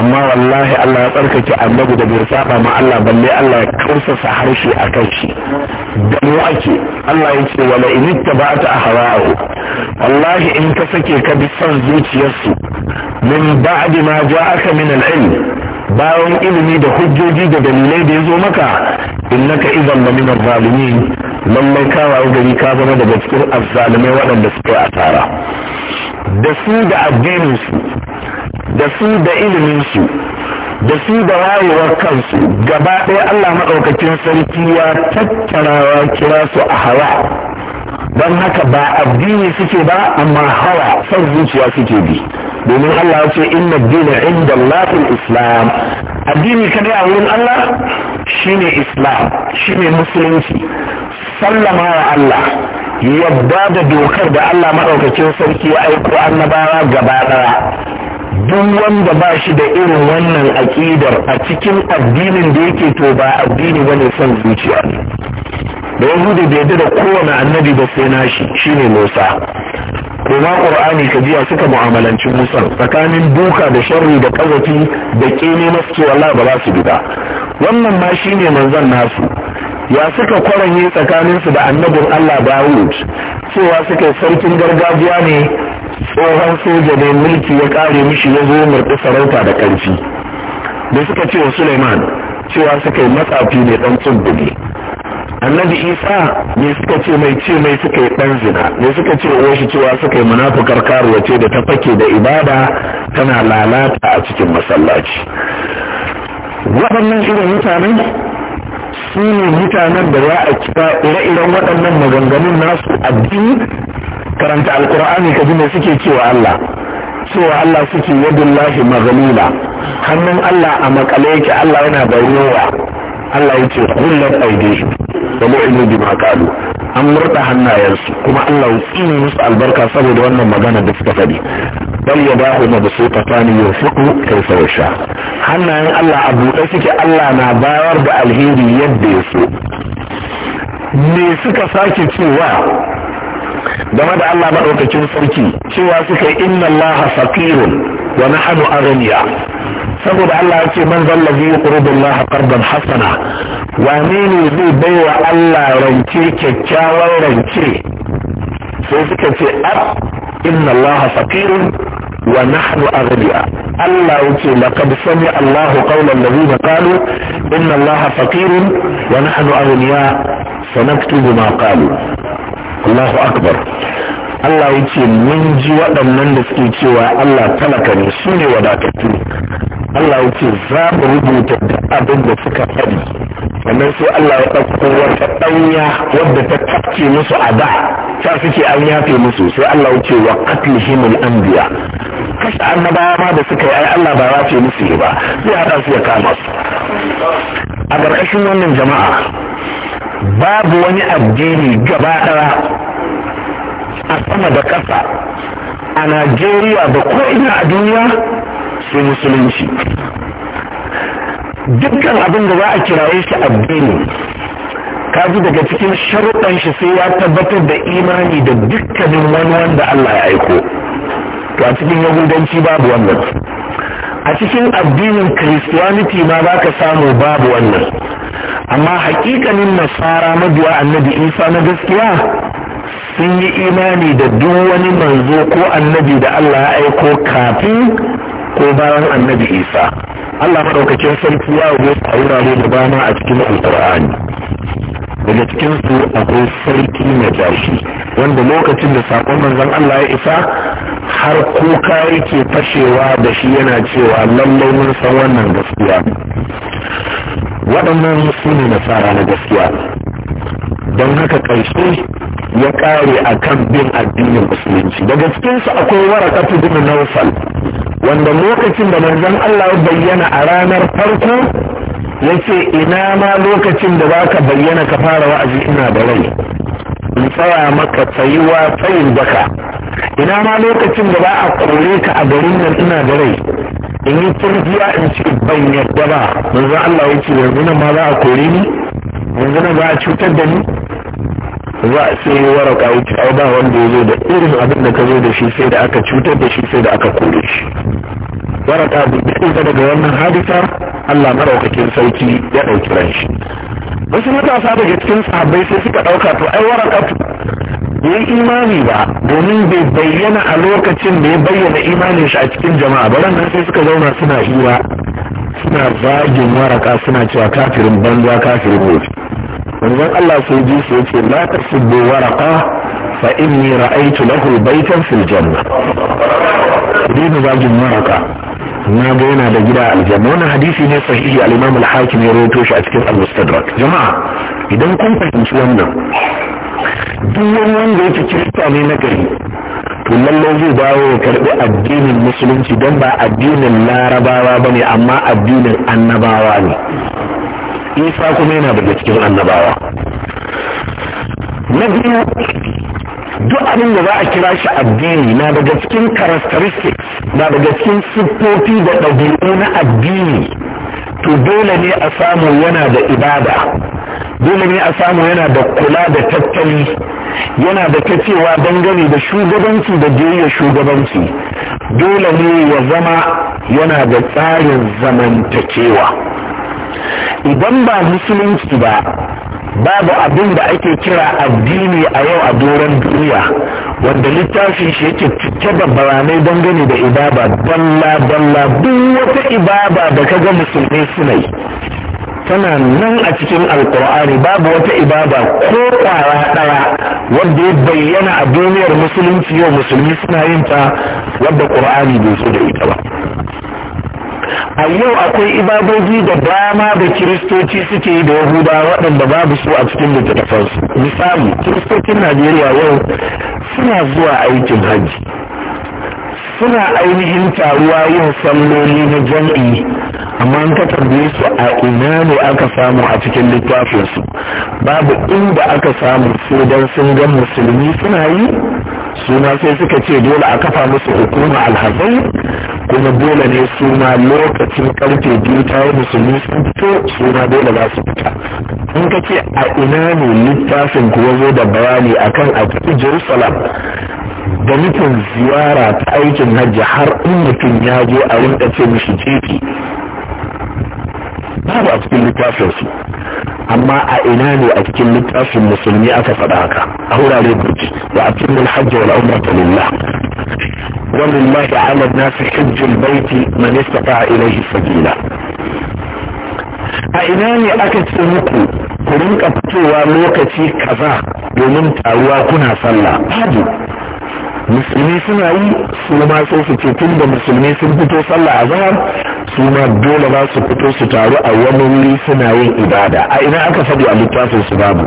amma wallahi Allah ya tsarkake Annabi da bai saba ma Allah balle Allah ya kausasa harshe a kai shi da mu ake Allah ya ce wala in ittaba'ta ahwa'u wallahi in ka sake ka bi son zuciyarsu min ba'di ma ja'aka min al-ilm bayan ilimi da hujjoji da dalilai da ya zo maka innaka idan la min zalimin lallai kawo gari ka zama daga cikin azzalimai waɗanda suka yi asara da su da addininsu, da su da iliminsu, da su da wayewar kansu gaba ɗaya Allah maɗaukakin sarki ya tattara kira su a hawa don haka ba addini suke ba amma hawa son zuciya suke bi domin Allah ya ce inna dina inda Allahul Islam addini kadai a wurin Allah shine Islam shine musulunci sallama wa Allah yadda da dokar da Allah maɗaukacin sarki ya aiko annabawa gaba ɗaya duk wanda ba shi da irin wannan aƙidar a cikin addinin da yake to ba addini ba ne son zuciya ne da yahudu da yadda da kowane annabi ba sai nashi shine musa kuma ƙur'ani ka jiya suka mu'amalanci musa tsakanin duka da sharri da ƙazafi da ƙene masu cewa ba za su bi ba wannan ma shine manzon nasu ya suka kwaranye tsakaninsu da annabin Allah Dawud cewa suka sarkin gargajiya ne tsohon soja ne mulki ya kare mishi ya zo murɗi sarauta da ƙarfi da suka ce wa Suleiman cewa suka yi matsafi ne ɗan tsubbuge annabi isa ne suka ce mai ce mai suka yi ɗan zina ne suka ce wa shi cewa suka yi munafukar karuwa ce da ta fake da ibada tana lalata a cikin masallaci waɗannan irin mutanen su ne mutanen da za a kira ire-iren waɗannan maganganun nasu addini karanta alkur'ani ka ji me suke cewa Allah cewa Allah suke yadin lahi maghlula hannun Allah a makale yake Allah yana da yawa Allah yake hullar aidehim da lu'inu bima qalu an murda hannayensu kuma Allah ya tsine musu albarka saboda wannan magana da suka faɗi bal yadahu mabsutatani yunfiqu kayfa yasha hannayen Allah a buɗe suke Allah na bayar da alheri yadda ya so me suka sake cewa game da Allah maɗaukacin sarki cewa suka inna Allah faqirun wa nahnu aghniya saboda Allah ya ce man zalla zai yuqridu Allah qardan hasana wane ne zai baiwa Allah rance kyakkyawan rance sai suka ce ab inna Allah faqirun wa nahnu aghniya Allah yake laqad sami Allah qawla alladhina qalu inna Allah faqirun wa nahnu aghniya sanaktubu ma qalu Allahu akbar Allah ya ce mun ji waɗannan da suke cewa Allah talaka ne su ne wadatattu Allah ya ce za mu rubuta duk abin da suka faɗi sannan sai Allah ya ɗauko wata ɗanya wadda ta tafke musu a da ta suke an yafe musu sai Allah ya ce wa qatlihimul anbiya kashe annabawa ma da suka yi ai Allah ba ce musu ba zai haɗa su ya kama su a ƙarƙashin wannan jama'a babu wani addini gaba ɗaya a sama da ƙasa a najeriya da ko'ina a duniya sai musulunci dukkan abin da za a kiraye shi addini kaji daga cikin sharuɗan shi sai ya tabbatar da imani da dukkanin wani wanda Allah ya aiko to a cikin yahudanci babu wannan a cikin addinin christianity ma za ka samu babu wannan amma hakikanin nasara mabiya annabi isa na gaskiya sun yi imani da duk wani manzo ko annabi da Allah ya aiko kafin ko bayan annabi isa Allah maɗaukakin sarki ya zo a wurare da bana a cikin alƙur'ani daga cikin su akwai sarki na jashi wanda lokacin da sakon manzon Allah ya isa har kuka yake fashewa da shi yana cewa lallai mun san wannan gaskiya waɗannan su ne nasara na gaskiya don haka ƙarshe ya ƙare a kan bin addinin musulunci daga cikinsu akwai waraka ibn nawfal wanda lokacin da manzon Allah ya bayyana a ranar farko yace ina ma lokacin da zaka bayyana ka fara wa'azi ina da rai in tsaya maka tsayuwa tsayin daka ina ma lokacin da ba a kore ka a garin nan ina da rai in yi turjiya in ce ban yadda ba manzon Allah yace yanzu nan ma za a kore ni yanzu na za a cutar da ni za a sai wara ya ci ba wanda ya zo da irin abin da ka zo da shi sai da aka cutar da shi sai da aka kore shi waraka bai ta daga wannan hadisa Allah maraukakin sauki ya ɗauki ran shi wasu matasa daga cikin sahabbai sai suka ɗauka to ai ya yi imani ba domin bai bayyana a lokacin da ya bayyana imanin shi a cikin jama'a ba nan sai suka zauna suna hira suna zagin waraka suna cewa kafirin banza kafirin wofi manzon Allah sai ji su yace la tasubbu waraqa fa inni ra'aytu lahu baytan fil janna ba zagin waraka na ga yana da gida aljanna wannan hadisi ne sahihi al-Imam al-Hakim ya rawaito shi a cikin al-Mustadrak jama'a idan kun fahimci wannan duk wani wanda yake kirista ne na gari to lallai zai dawo ya karbi addinin musulunci don ba addinin larabawa ba ne amma addinin annabawa ne isa kuma yana daga cikin annabawa na biyu duk abin da za a kira shi addini na daga cikin characteristics na daga cikin siffofi da ɗabi'u na addini to dole ne a samu yana da ibada dole ne a samu yana da kula da tattali yana da ta cewa dangane da shugabanci da jirya shugabanci dole ne ya zama yana da tsarin zamantakewa idan ba musulunci ba babu abin da ake kira addini a yau a doron duniya wanda littafin shi yake cike da bayanai dangane da ibaba, dalla dalla duk wata ibaba da ka ga musulmi suna yi tana nan a cikin alkur'ani babu wata ibaba ko kwara ɗara wanda ya bayyana a duniyar musulunci yau musulmi suna yin ta wadda ƙur'ani bai so da ita ba a yau akwai ibadoji da dama da kiristoci suke yi da yahuda waɗanda babu su a cikin littattafansu misali kiristocin najeriya yau suna zuwa aikin hajji suna ainihin taruwa yin salloli na jam'i amma an ka tambaye su a ina ne aka samu a cikin littafinsu babu inda aka samu sai dan sun ga musulmi suna yi suna sai suka ce dole a kafa musu hukuma alhazai kuma dole ne su ma lokacin karfe biyu ta yi musulmi su fito su ma dole za su fita in ka ce a ina ne littafin kuwa zo da bayani akan a cikin jerusalem da nufin ziyara ta aikin hajji har in mutum ya je a rinka ce mishi titi babu a cikin littafin su amma a ina ne a cikin littafin musulmi aka faɗa haka a wurare burji wa a cikin mulhajji wal umrata lillah wa lillahi ala an-nasi hajjul baiti man istata'a ilayhi sabila a ina ne aka ce muku ku rinka fitowa lokaci kaza domin taruwa kuna sallah babu musulmi suna yi su ma sai su ce tun da musulmi sun fito sallah a zahar su ma dole ba su fito su taru a wani wuri suna yin ibada a ina aka faɗi a littafin su babu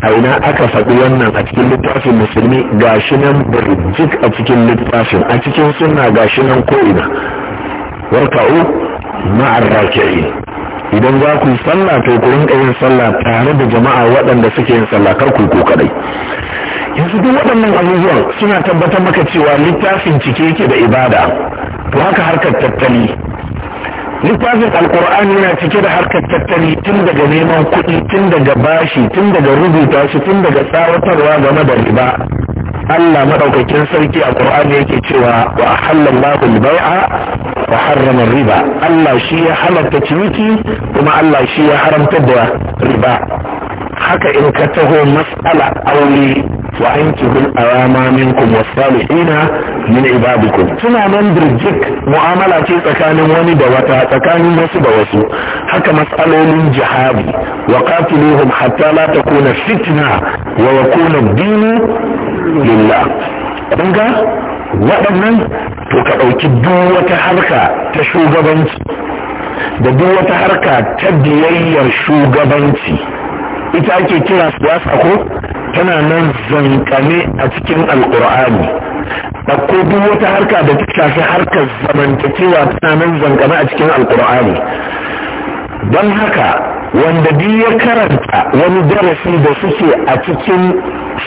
a ina aka faɗi wannan a cikin littafin musulmi shi nan birjik a cikin littafin a cikin sunna shi nan ko'ina warka'u ma'ar raki'i idan za ku yi sallah to ku rinka yin sallah tare da jama'a waɗanda suke yin sallah kar ku ko kadai yanzu duk waɗannan abubuwan suna tabbatar maka cewa littafin cike yake da ibada to haka harkar tattali littafin alkur'ani yana cike da harkar tattali tun daga neman kuɗi tun daga bashi tun daga rubuta shi tun daga tsawatarwa game da riba Allah madaukakin sarki a Qur'ani yake cewa wa halallahu al-bai'a wa harrama riba Allah shi ya halatta ciniki kuma Allah shi ya haramta da riba haka in ka taho mas'ala aure wa ankihul arama minkum wasalihina min ibadikum suna nan birjik mu'amala ce tsakanin wani da wata tsakanin wasu da wasu haka mas'alolin jihadi wa qatiluhum hatta la takuna fitna wa yakuna ad-dinu lillah kun waɗannan to ka ɗauki duk wata harka ta shugabanci da duk wata harka ta biyayyar shugabanci ita ake kira siyasa ko tana nan zankane a cikin alkur'ani ɗauko duk wata harka da ta shafi harkar zamantakewa tana nan zankane a cikin alkur'ani don haka wanda duk ya karanta wani darasi da suke a cikin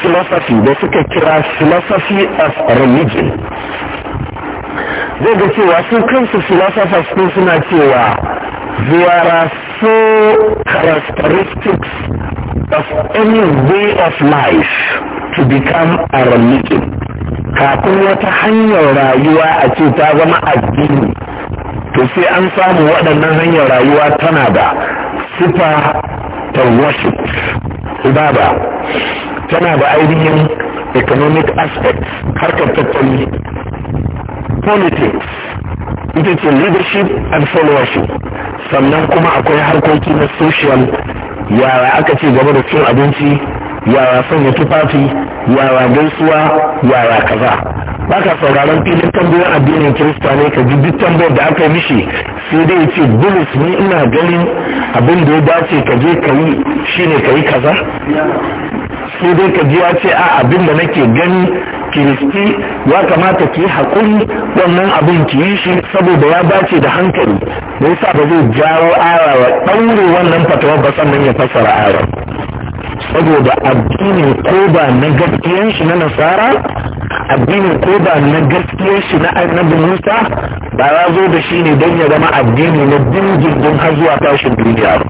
philosophy da suka kira philosophy of religion zai ga cewa su kansu philosophers ko suna cewa there so characteristics of any way of life to become a religion kafin wata hanyar rayuwa a ce ta zama addini to sai an samu waɗannan hanyar rayuwa tana da sifa ta worship ibada tana da ainihin economic aspect harkar tattali politics ita ce leadership and followership sannan kuma akwai harkoki na social yara aka ce gaba da cin abinci yara sanya tufafi yara gaisuwa yara kaza ba ka sauraron filin tambayoyin addinin kirista ne ka ji duk tambayar da aka yi mishi sai dai ya ce bulus ni ina ganin abin da ya dace ka je ka yi shine ka yi kaza sai dai ka ji ya ce a abin da nake gani kiristi ya kamata ki haƙuri wannan abin ki yi shi saboda ya dace da hankali mai yasa ba zai jawo wa ɗaure wannan fatawar ba sannan ya fassara ara saboda addinin koba na gaskiyan shi na nasara addinin koba na gaskiyan shi na annabi musa ba ya zo da shi ne don ya zama addini na dindindin har zuwa tashin duniya ba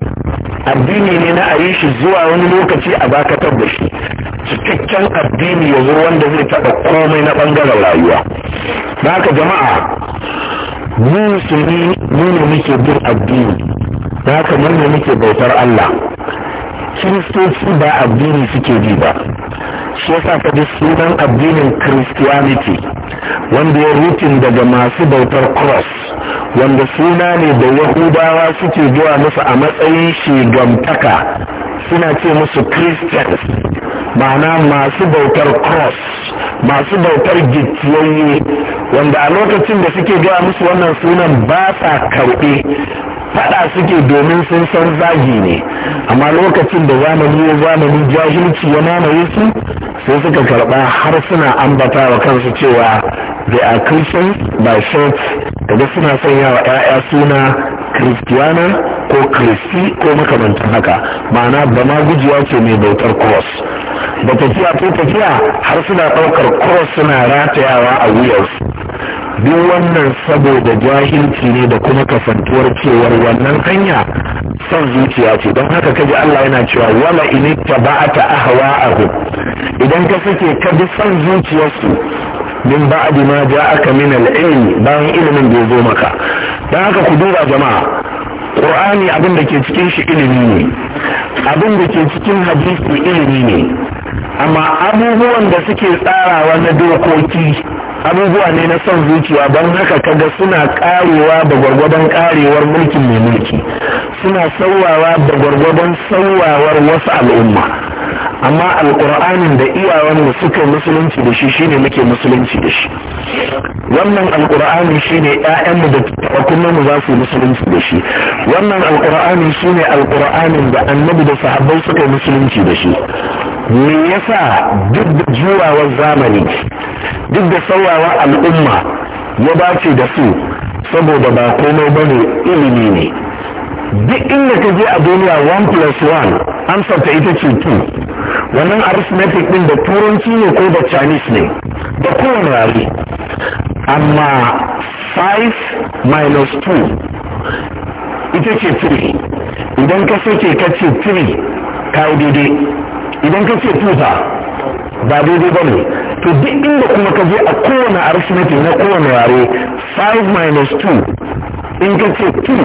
addini ne na a yi shi zuwa wani lokaci a dakatar da shi cikakken addini ya zo wanda zai taɓa komai na ɓangaren rayuwa da haka jama'a mu musulmi mu ne muke bin addini haka mu ne muke bautar Allah kiristoci ba addini suke bi ba shi yasa sa ji sunan addinin christianity wanda ya rutin daga masu bautar cross wanda suna ne da yahudawa suke zuwa musu a matsayin shigamtaka suna ce musu christians ma'ana masu bautar cross masu bautar gittiyayye wanda a lokacin da suke zuwa musu wannan sunan ba sa karbe fada suke domin sun san zagi ne amma lokacin da zamani ya zamani jahilci ya mamaye su sai suka karba har suna ambata wa kansu cewa they are christians by short daga suna sanya wa 'ya'ya suna christiana ko kristi ko makamantan haka ma'ana ba ma gujiya ce mai bautar cross da tafiya ko tafiya har suna ɗaukar cross suna ratayawa a wuyarsu duk wannan saboda jahilci ne da kuma kasantuwar cewar wannan hanya son zuciya ce don haka kaji Allah yana cewa wala in tabata ahwa'ahu idan ka sake ka bi son zuciyarsu min ba'di ma ja'aka min al-ilm bayan ilimin da zo maka don haka ku duba jama'a Qur'ani abin ke cikin shi ilimi ne abin ke cikin hadisi ilimi ne amma abubuwan da suke tsarawa na dokoki abubuwa ne na son zuciya don haka kaga suna karewa da gwargwadon karewar mulkin mai mulki suna sauwawa da gwargwadon sauwawar wasu al'umma amma alkur'anin da iyawan mu suka musulunci da shi shine muke musulunci da shi wannan alkur'ani shine ƴaƴanmu da tawakkun mu za su musulunci da shi wannan alkur'ani shine Alƙur'anin da annabi da sahabbai suka musulunci da shi me yasa duk da juyawar zamani duk da sauwawa al'umma ya dace da su saboda ba komai bane ilimi ne duk inda ka je a duniya 1 plus 1 amsar ta ita ce 2 wannan arithmetic din da turanci ne ko da chinese ne da kowane rari amma 5 minus 2 ita ce 3 idan ka sake ka ce 3 ka yi daidai idan ka ce tusa ba daidai ba ne to duk inda kuma ka je a kowane arithmetic na kowane yare 5 minus 2 in ka ce 2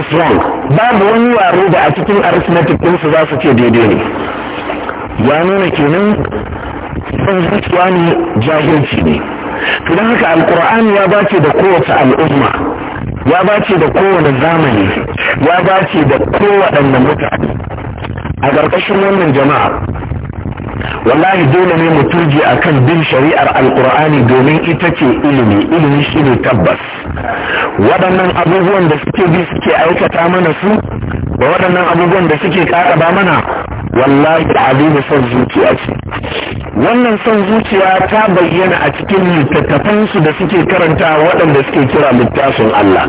is wrong babu wani yare da a cikin arithmetic ɗinsu za su ce daidai ne ya nuna kenan son zuciya ne jahilci ne to don haka alkur'ani ya bace da kowace al'umma ya bace da kowane zamani ya bace da kowaɗanne mutane a ƙarƙashin wannan jama'a wallahi dole ne mu turje a kan bin shari'ar alkur'ani domin ita ce ilimi ilimi shi ne tabbas waɗannan abubuwan da suke bi suke aikata mana su da waɗannan abubuwan da suke ba mana wallahi alimu son zuciya ce wannan son zuciya ta bayyana a cikin littattafansu da suke karanta waɗanda suke kira littafin Allah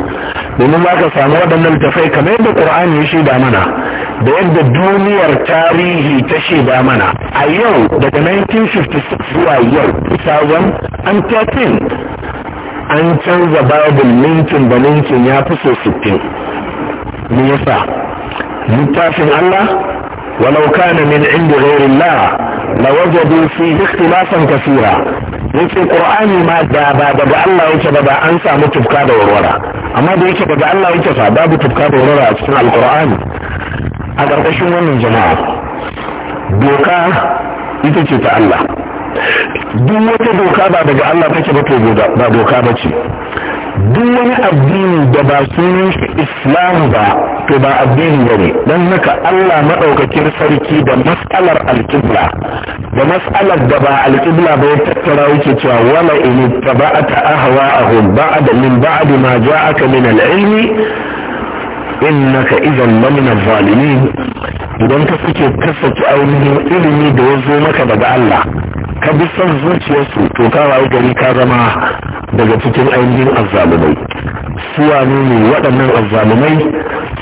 domin ba ka samu waɗannan tafai kamar yadda ƙur'ani ya shaida mana da yadda duniyar tarihi ta shaida mana a yau daga 1956 zuwa yau 2013 an canza babin mintin da mintin ya fi so 60 me yasa littafin Allah ولو كان من عند غير الله لوجدوا فيه اختلافا كثيرا yake qur'ani ma da ba daga Allah yake ba da an samu tufka da warwara amma da yake daga Allah yake fa babu tufka da warwara a cikin alqur'ani a ƙarƙashin wannan jama'a doka ita ce ta Allah duk wata doka ba daga Allah take ba to ba doka ba ce duk wani addini da ba sunan shi islam ba to ba addini ba ne don haka Allah maɗaukakin sarki da matsalar alƙibla da matsalar da ba alƙibla ba ya tattara yake cewa wala in tabata a ahum ba'da min ba'di ma ja'aka min al-ilmi innaka idan lamina zalimin idan ka suke kasance ainihin ilimi da ya zo maka daga Allah ka bi son zuciyarsu to ka rayu gari ka zama daga cikin ainihin azzalumai suwa ne ne waɗannan azzalumai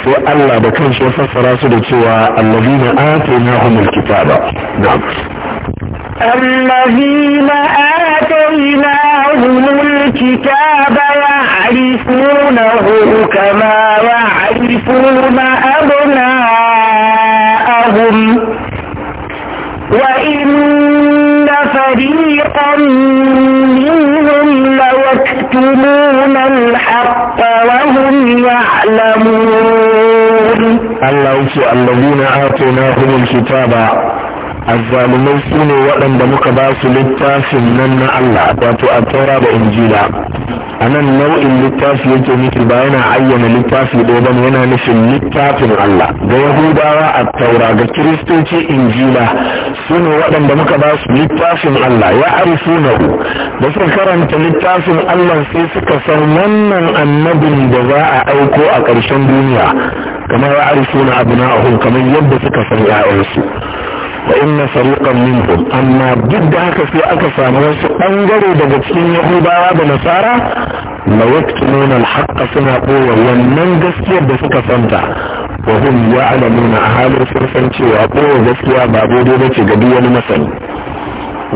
sai Allah da kanshi ya fassara su da cewa allazina atina humul kitaba na'am الذين آتيناهم الكتاب يعرفونه كما يعرفون أبناءهم وإن فريقا منهم ليكتمون الحق وهم يعلمون الله الذين آتيناهم الكتاب azzalumai su ne waɗanda muka ba su littafin nan na Allah wato a taura da injila a nan nau'in littafi yake nufi ba yana ayyana littafi ɗaya ba yana nufin littafin Allah ga yahudawa a taura ga kiristoci injila su ne waɗanda muka ba su littafin Allah ya arifu na da suka karanta littafin Allah sai suka san wannan annabin da za a aiko a ƙarshen duniya kamar ya arifu na abu na kamar yadda suka san 'ya'yansu wa inna fariqan minhum amma duk da haka sai aka samu wasu bangare daga cikin yahudawa da nasara la yaktumuna al suna koyar wannan gaskiyar da suka santa wa hum ya'lamuna a halin sun san cewa kowa gaskiya ba daidai bace ga duk wani masani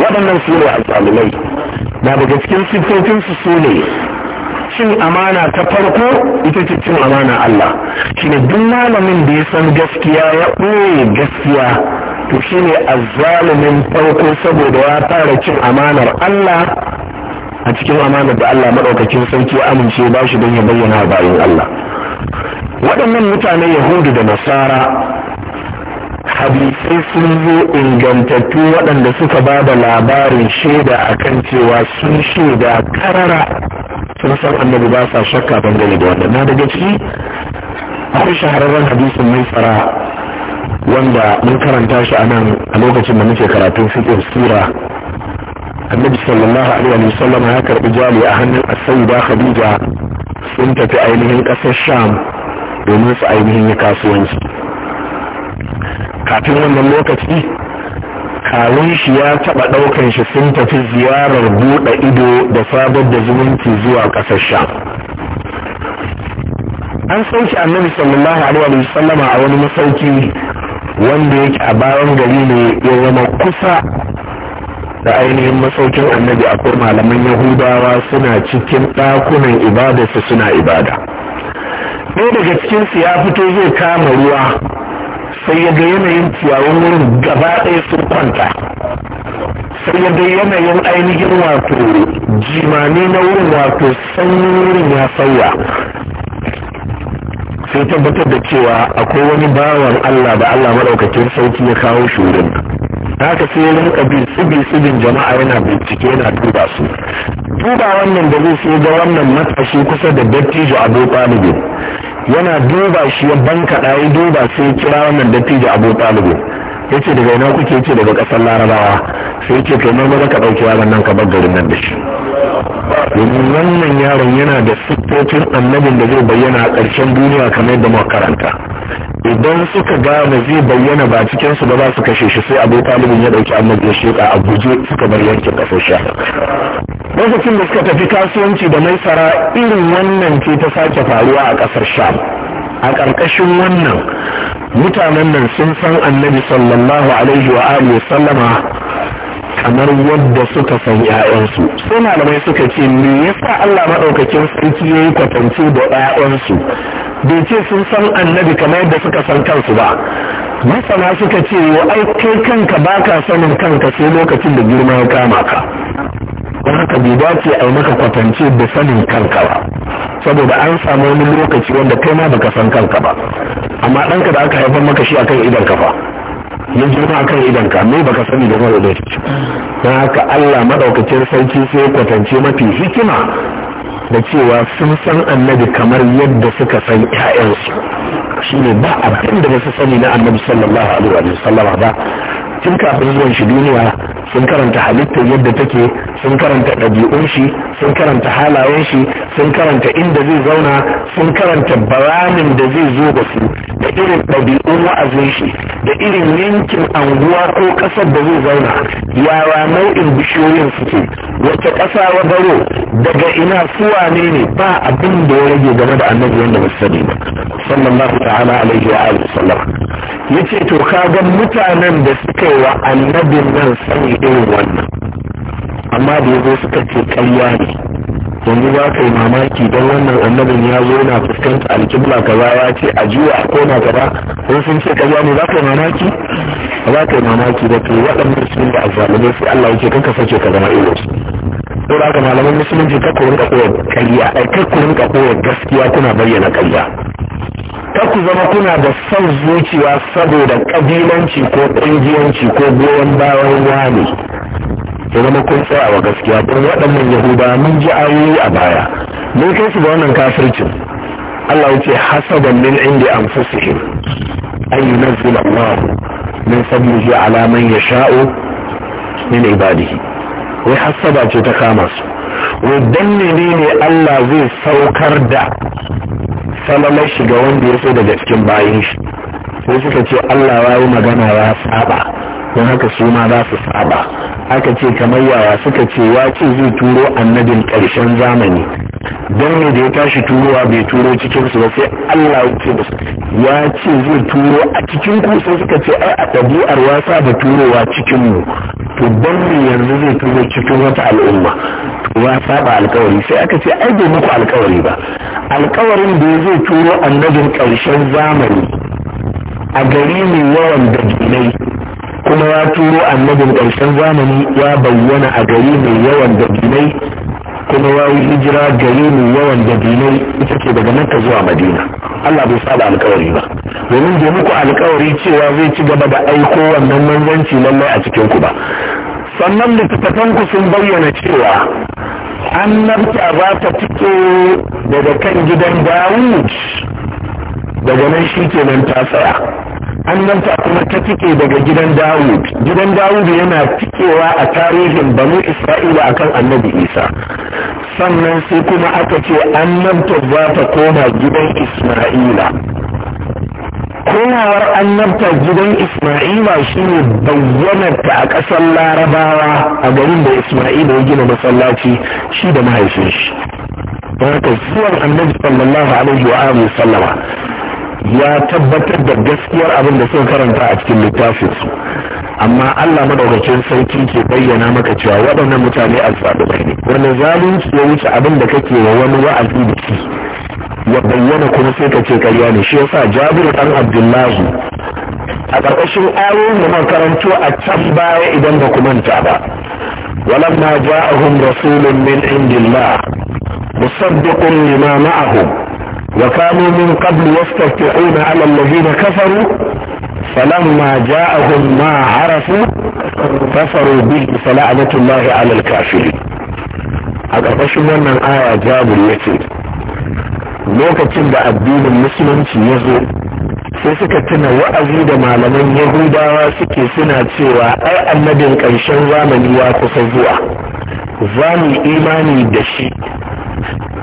waɗannan su ne alƙalilai na daga cikin siffofinsu su ne cin amana ta farko ita ce cin amana Allah shi duk malamin da ya san gaskiya ya ɓoye gaskiya to shine azzalumin farko saboda ya fara cin amanar Allah a cikin amanar da Allah maɗaukakin sarki amince ba shi don ya bayyana bayan Allah waɗannan mutanen yahudu da nasara hadisai sun zo ingantattu waɗanda suka ba da labarin shaida a kan cewa sun shaida karara sun san annabi ba sa shakka bangare da wannan na daga ciki akwai shahararren hadisin mai tsara wanda mun karanta shi a nan a lokacin da muke karatun fiqh sura annabi sallallahu alaihi wa sallam ya karbi jali a hannun as-sayyida khadija sun tafi ainihin kasar sham domin su ainihin yi kasuwanci kafin wannan lokaci kawun shi ya taɓa ɗaukan shi sun tafi ziyarar buɗe ido da sabar da zumunci zuwa kasar sham an sauki annabi sallallahu alaihi wa sallama a wani masauki wanda yake a bayan gari ne ya zama kusa da ainihin masaukin annabi akwai malaman yahudawa suna cikin ɗakunan ibada su suna ibada ɗaya daga cikinsu ya fito zai kama ruwa sai ya ga yanayin ciyawun wurin gaba ɗaya sun kwanta sai ya ga yanayin ainihin wato jimani na wurin wato sanyin wurin ya sauya sai tabbatar da cewa akwai wani bawan Allah da Allah maɗaukakin sauki ya kawo shurin ta ka sai wani bin tsibin jama'a yana bincike yana duba su duba wannan da zai sai ga wannan matashi kusa da dattijo abu ɗalibi yana duba shi ya banka ɗaya duba sai kira wannan dattijo abu ɗalibi ya ce daga ina kuke ce daga ƙasar larabawa sai ce kai marmara ka ɗauki yaron nan ka bar garin nan da shi domin wannan yaron yana da siffofin annabin da zai bayyana a ƙarshen duniya kamar da makaranta idan suka gane zai bayyana ba cikin su ba za su kashe shi sai abu talibin ya ɗauki annabi ya sheka a guje suka bar yankin kasar sha lokacin da suka tafi kasuwanci da mai maisara irin wannan ce ta sake faruwa a kasar sha a ƙarƙashin wannan mutanen nan sun san annabi sallallahu alaihi wa alihi sallama kamar yadda suka san ‘ya'yansu sai malamai suka ce me yasa Allah maɗaukakin sarki yayi kwatance da ‘ya'yansu bai ce sun san annabi kamar yadda suka san kansu ba masana suka ce wa ai kai kanka baka sanin kanka sai lokacin da girma ya kama ka don haka bai dace a maka kwatance da sanin kanka ba saboda an samu wani lokaci wanda kai ma baka san kanka ba amma ɗanka da aka haifar maka shi akan idan kafa ya girma akan idan ka mai baka sani da mara lokaci don haka Allah maɗaukacin sarki sai ya kwatance mafi hikima da cewa sun san annabi kamar yadda suka san ƴaƴansu ne ba abin da ba su sani na annabi sallallahu alaihi wa sallama ba tun kafin zuwan shi duniya sun karanta halittar yadda take sun karanta ɗabi'un shi sun karanta halayen shi sun karanta inda zai zauna sun karanta baramin da zai zo da su da irin ɗabi'un wa'azin shi da irin yankin anguwa ko ƙasar da zai zauna yara nau'in bishiyoyin suke wata ƙasa wa baro daga ina suwa ne ne ba abin da ya rage game da annabi wanda ba sani ba sallallahu ta'ala alaihi wa alihi sallam yace to kaga mutanen da suka yi wa annabin nan sani irin wannan amma da ya zo suka ce karya ne yanzu za ka yi mamaki don wannan annabin ya zo yana fuskanta alkibla kaza ya ce a juya a kona kaza wani sun ce karya ne za ka yi mamaki a za ka yi mamaki da to waɗannan sun da azalimai sai Allah yake kanka sace ka zama irin su to da malaman musulunci ka kurin ka koyar ai ka kurin ka koyar gaskiya kuna bayyana kariya kar ku zama kuna da son zuciya saboda kabilanci ko ƙungiyanci ko goyon bayan wani ya zama kun tsaya wa gaskiya don waɗannan yahuda mun ji ayoyi a baya mun kai su ga wannan kafircin Allah ya ce hasaban min indi anfusihim an yunzila Allah min fadlihi ala man yasha'u min ibadihi wai ba ce ta kama su wai danne ne ne Allah zai saukar da salamai shiga wanda ya so daga cikin bayan shi sai suka ce Allah ya yi magana ya saba don haka su ma za su saba aka ce kamar yawa suka ce ya ce zai turo annabin ƙarshen zamani don ne da ya tashi turowa bai turo cikin su ba sai Allah ya ce ya ce zai turo a cikin ku sai suka ce ai a ɗabi'ar wasa da turowa cikin mu to don ne yanzu zai turo cikin wata al'umma to ya saba alkawari sai aka ce ai bai muku alkawari ba alkawarin da ya zai turo annabin ƙarshen zamani a gari mai yawan dajinai kuma ya turo annabin ƙarshen zamani ya bayyana a gari mai yawan dabinai kuma ya yi hijira gari mai yawan dabinai ita ke daga makka zuwa madina allah bai saba alkawari ba domin bai muku alkawari cewa zai ci gaba da aiko wannan manzanci lallai a cikin ku ba sannan ku sun bayyana cewa annabta za ta fito daga kan gidan dawud daga nan shi kenan ta tsaya annabta kuma ta fike daga gidan dawud gidan dawud yana fikewa a tarihin banu isra'ila akan annabi isa sannan sai kuma aka ce annanta za ta koma gidan isma'ila komawar annabta gidan isma'ila shine ta a ƙasar larabawa a garin da isma'ila ya gina masallaci shi da mahaifin shi don suwan annabi sallallahu alaihi wa sallama ya tabbatar da gaskiyar abin da sun karanta a cikin littafinsu amma Allah madaukakin sarki ke bayyana maka cewa waɗannan mutane bai ne wanda zalunci ya wuce abin da kake wa wani wa'azi da shi ya bayyana kuma sai ka ce karya ne shi yasa Jabir dan Abdullahi a ƙarƙashin ayoyin da makarantu a can baya idan ba ku manta ba walamma ja'ahum rasulun min indillah musaddiqun lima ma'ahum وكانوا من قبل يستفتحون على الذين كفروا فلما جاءهم ما عرفوا كفروا به فلعنة الله على الكافرين هذا ƙarƙashin wannan aya jabir ya ce lokacin da addinin musulunci ya sai suka tuna wa'azi da malaman yahudawa suke suna cewa ai annabin ƙarshen zamani ya kusa zuwa za mu imani da shi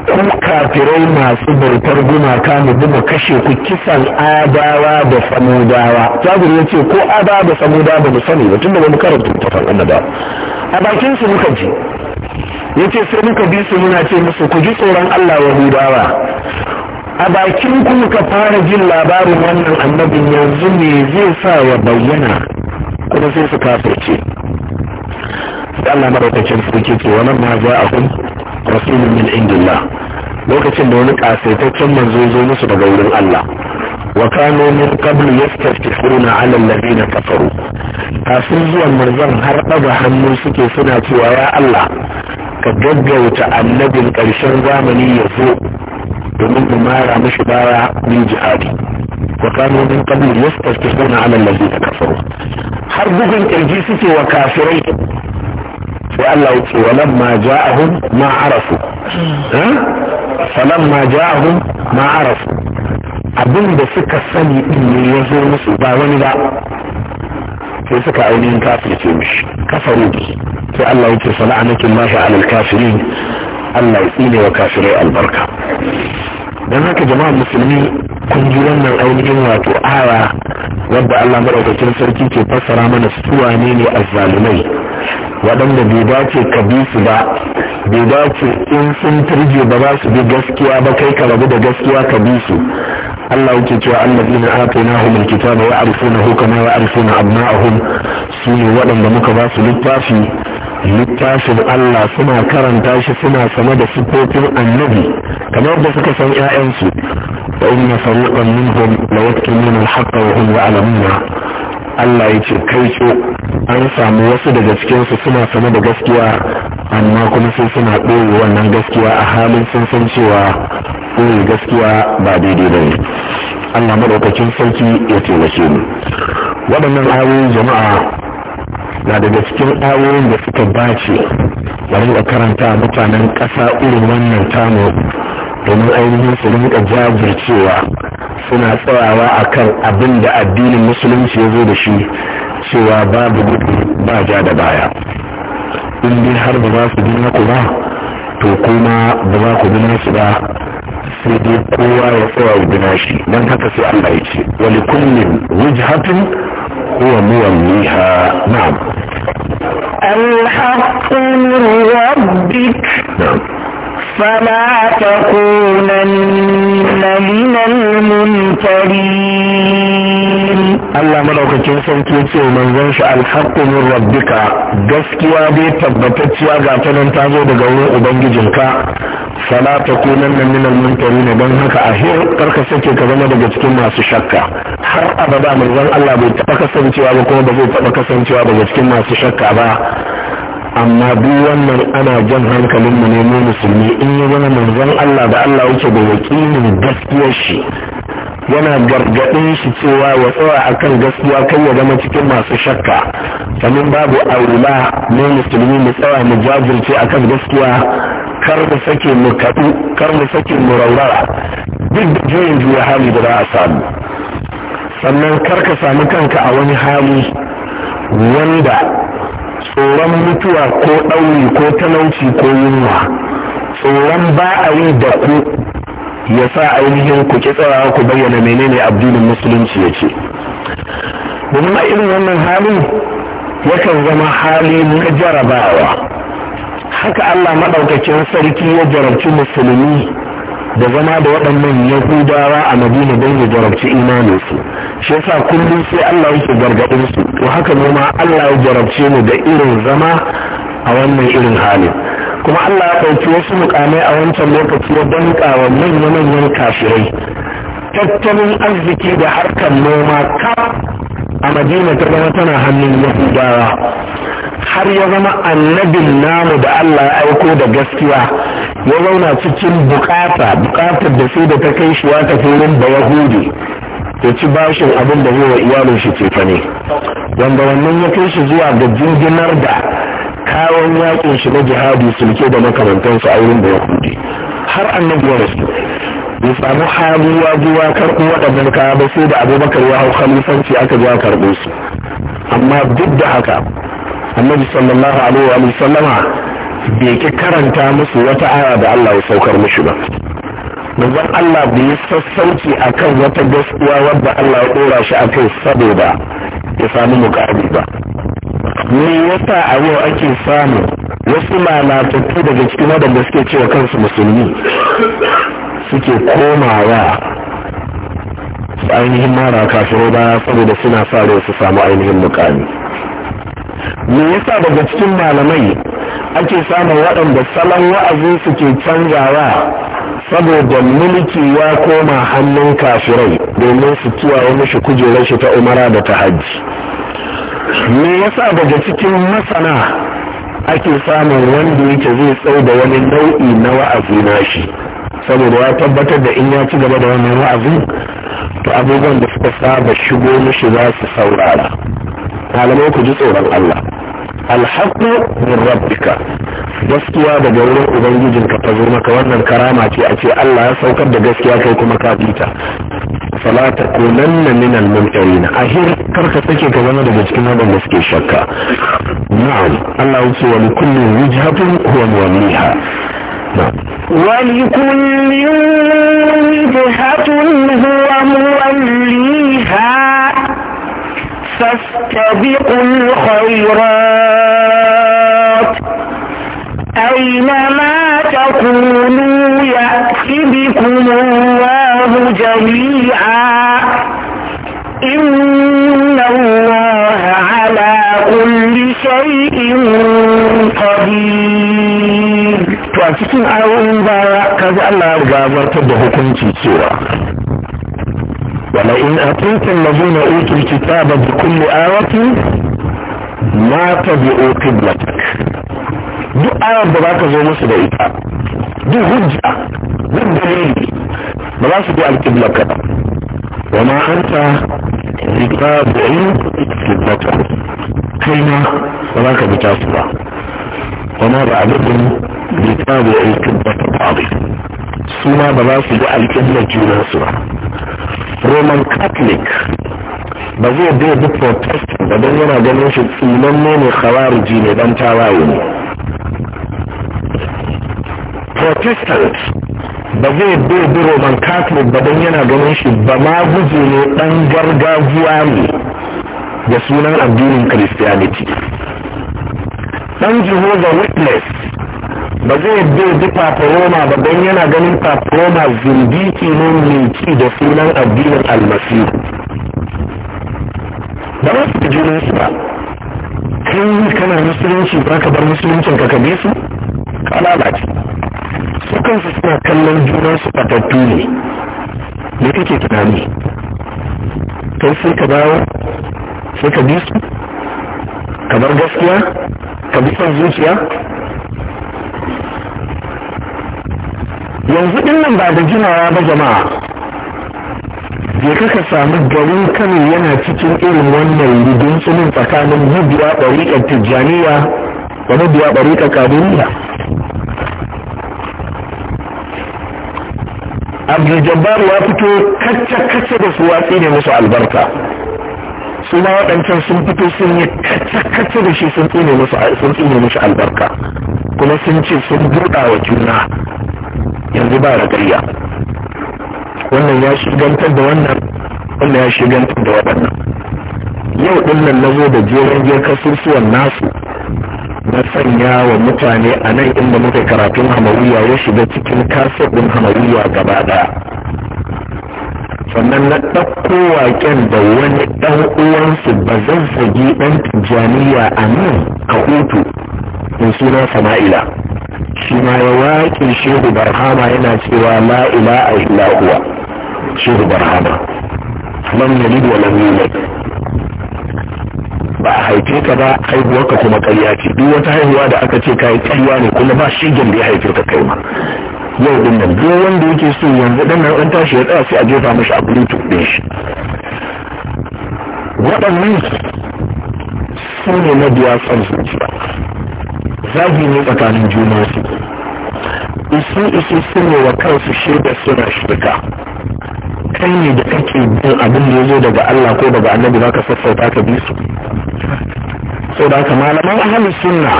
ku kafirai masu bautar gumaka mu bi mu kashe ku kisan adawa da samudawa jabir ya ce ko adawa da samudawa ba mu sani ba tunda ba mu karanta littafin annaba a bakin su muka ji ya ce sai muka bi su muna ce musu ku ji tsoron allah yahudawa a bakin kuka ka fara jin labarin wannan annabin yanzu me zai sa ya bayyana kuma sai su kafirce Allah madaukakin sarki ce wannan ma za a kun rasulun min indillah lokacin da wani kasaitaccen manzo zo musu daga wurin Allah wa kano min qabl yastastifuna ala alladhina kafaru kafin zuwan manzon har daga hannu suke suna cewa ya Allah ka gaggauta annabin ƙarshen zamani ya zo ومنهم ما يرى مش من جهادي وكانوا من قبل يستفتحون على الذين كفروا حربهم الجيسس وكافرين فالله ولما جاءهم ما عرفوا ها؟ فلما جاءهم ما عرفوا abin da suka sani يزور ne ya zo musu ba wani ba sai suka ainihin kafir ce mishi Allah ya tsine wa kafirai albarka don haka jama'a musulmi kun ji wannan ainihin wato aya wadda Allah madaukakin sarki ke fassara mana su ne ne azzalumai waɗanda bai dace ka bi su ba bai dace in sun turje ba za su bi gaskiya ba kai ka rabu da gaskiya ka bi su Allah yake cewa allazina atainahum alkitaba ya'rifunahu kama ya'rifuna abna'ahum sune waɗanda muka ba su littafi littafin Allah suna karanta shi suna sane da siffofin annabi kamar da suka san ƴaƴansu wa inna fariqan minhum la yaktumuna al wa hum ya'lamuna Allah ya ce kai ce an samu wasu daga cikinsu suna sama da gaskiya amma kuma sai suna ɗoye wannan gaskiya a halin sun san cewa ɗoye gaskiya ba daidai ba ne Allah maɗaukakin sarki ya ce taimake ne. waɗannan ayoyin jama'a na daga cikin ayoyin da suka bace bari a karanta mutanen ƙasa irin wannan tamu domin ainihin su rinka jajircewa suna tsayawa akan abin da addinin musulunci ya zo da shi cewa babu gudu ba ja da baya in dai har ba za su bi naku ba to kuma ba za ku bi nasu ba sai dai kowa ya tsaya ya bina shi don haka sai Allah ya ce wali kullum wujhatun huwa muwalliha na'am الحق من ربك نعم فلا تكونن من الممترين الله ملوكتين سنتيتي ومنزنش alhakumin من ربك gaskiya dai tabbatacciya ga ta nan ta zo daga wurin ubangijin ka ta kunan nan minal muntari ne don haka a hir karka sake ka zama daga cikin masu shakka har abada manzon Allah bai taɓa kasancewa ba kuma ba zai taɓa kasancewa daga cikin masu shakka ba amma duk wannan ana jan hankalin mu ne mu musulmi in ya zama manzon Allah da Allah yake da yakinin gaskiyar shi yana gargadin shi cewa ya tsaya akan gaskiya kai ya zama cikin masu shakka sannan babu aula mu musulmi mu tsawa mu jajirce akan gaskiya kar mu sake mu kaɗu kar mu sake mu raurara duk da juyin juya hali da za a samu sannan kar ka sami kanka a wani hali wanda tsoron mutuwa ko ɗauri ko talauci ko yunwa tsoron ba a yi da ku ya sa ainihin ku kitsawa ku bayyana menene addinin musulunci ya ce domin a irin wannan halin yakan zama hali na jarabawa haka allah maɗaukakin sarki ya jarabci musulmi da zama da waɗannan yahudawa a madina don ya jarabci imaninsu shi yasa kullum sai allah yake gargaɗin su to haka noma ma allah ya jarabce mu da irin zama a wannan irin hali. kuma allah ya ɗauki wasu mukamai a wancan lokaci ya danka wa manya-manyan kafirai tattalin arziki da harkar noma ka a madina ta zama tana hannun yahudawa har ya zama annabin namu da allah ya aiko da gaskiya ya zauna cikin bukata bukatar da sai da ta kai shi waka filin da hudu ya ci bashin abin da zai wa iyalin shi cefa ne wanda wannan ya kai shi zuwa ga jirginar da kawon yakin shi na jihadi sulke da makamantansu a wurin da hudu har annabi ya rasu ya samu hali ya zuwa karɓo waɗannan kaya ba sai da abubakar ya hau khalifanci aka zuwa karɓo su amma duk da haka annabi sallallahu alaihi wa sallama bai ki karanta musu wata aya da Allah ya saukar mushi ba manzon Allah bai yi sassauci akan wata gaskiya wadda Allah ya dora shi a kai saboda ya samu mukabi ba ni yasa a yau ake samu wasu lalatattu daga cikin wadanda suke cewa kansu musulmi suke komawa ainihin mara kafirai baya saboda suna sa rai su samu ainihin mukami me yasa daga cikin malamai ake samun waɗanda salon wa'azin su ke canzawa saboda mulki ya koma hannun kafirai domin su kiyaye mishi kujerar shi ta umara da ta hajji me yasa daga cikin masana ake samun wanda yake zai tsau da wani nau'i na wa'azi na shi saboda ya tabbatar da in ya ci gaba da wannan wa'azi to abubuwan da suka saba shigo mashi za su saurara malamai ku ji tsoron Allah alhaku min rabbika gaskiya daga wurin ubangijin ka zo maka wannan karama ce a ce Allah ya saukar da gaskiya kai kuma ka bita fala takunanna min al-mumtarin ahir karka sake ka zama daga cikin wadanda suke shakka na'am Allah ya ce wa kullu wijhatun huwa muwalliha ولكل وجهة هو موليها فاستقيموا فاستبقوا الخيرات أينما تكونوا يأتي بكم الله جميعا إن الله على كل شيء قدير لئن أتيت الذين أوتوا الكتاب بكل آية ما تبعوا قبلتك دو آية بذلك زوم سبعيتا دو هجة دو دليل بلاس دو القبلك وما أنت بتابعين قبلتك كينا بذلك بتاسبا وما بعدهم بتابعين قبلتك بعضهم سوما بلاس دو القبلة جونا سبعيتا roman catholic ba zai bai duk protestant ba don yana ganin shi tsinanne ne khawariji ne dan tawaye ne protestant ba zai bai da roman catholic ba don yana ganin shi ba ma guje ne dan gargajiya ne da sunan addinin christianity dan jehovah witness ba zai bi bi roma ba don yana ganin zumbi ke ne mai ci da sunan addinin almasi. ba ma su junan su ba kai kana musulunci ba ka bar musuluncin ka kabe su ka lalace su kansu suna kallon junan su fatattu ne me kake tunani kai sai ka dawo sai ka bi su ka bar gaskiya ka bi son zuciya yanzu din nan ba da jimawa ba jama'a je ka ka samu garin kano yana cikin irin wannan rigin tsakanin mabiya ɗariƙar tijjaniya da mabiya ɗariƙar kaduniya abdul ya fito kacce kacce da su watsi ne musu albarka su ma waɗancan sun fito sun yi kacce da shi sun tsine musu sun tsine musu albarka kuma sun ce sun buɗa wa juna yanzu ba da ƙarya wannan ya shigantar da wannan wannan ya shigantar da waɗannan yau ɗin nan na zo da jerin jiyar kasusuwan nasu na sanya wa mutane a nan inda muka karatun hamawiya ya shiga cikin kasar ɗin hamawiya gaba ɗaya sannan na ɗauko waƙen da wani ɗan uwansu ba zan sagi ɗan tijjaniya a nan a hutu in suna sama'ila shi ma ya waƙe shehu barhama yana cewa la'ila a illa shehu barhama lam yalid wa lam yulad ba a haife ka ba haihuwarka kuma ƙarya ce duk wata haihuwa da aka ce ka yi ƙarya ne kuma ba shigen da ya haife ka kai ma yau din nan duk wanda yake so yanzu dan nan an tashi ya tsaya sai a jefa mashi a bluetooth din shi waɗannan su ne mabiya san zuciya zagi ne tsakanin juna su isu isu sun ne wa kansu shaida suna shirka kai ne da kake bin abin da ya zo daga Allah ko daga annabi za ka sassauta ka bi su So da haka malaman ahalin sunna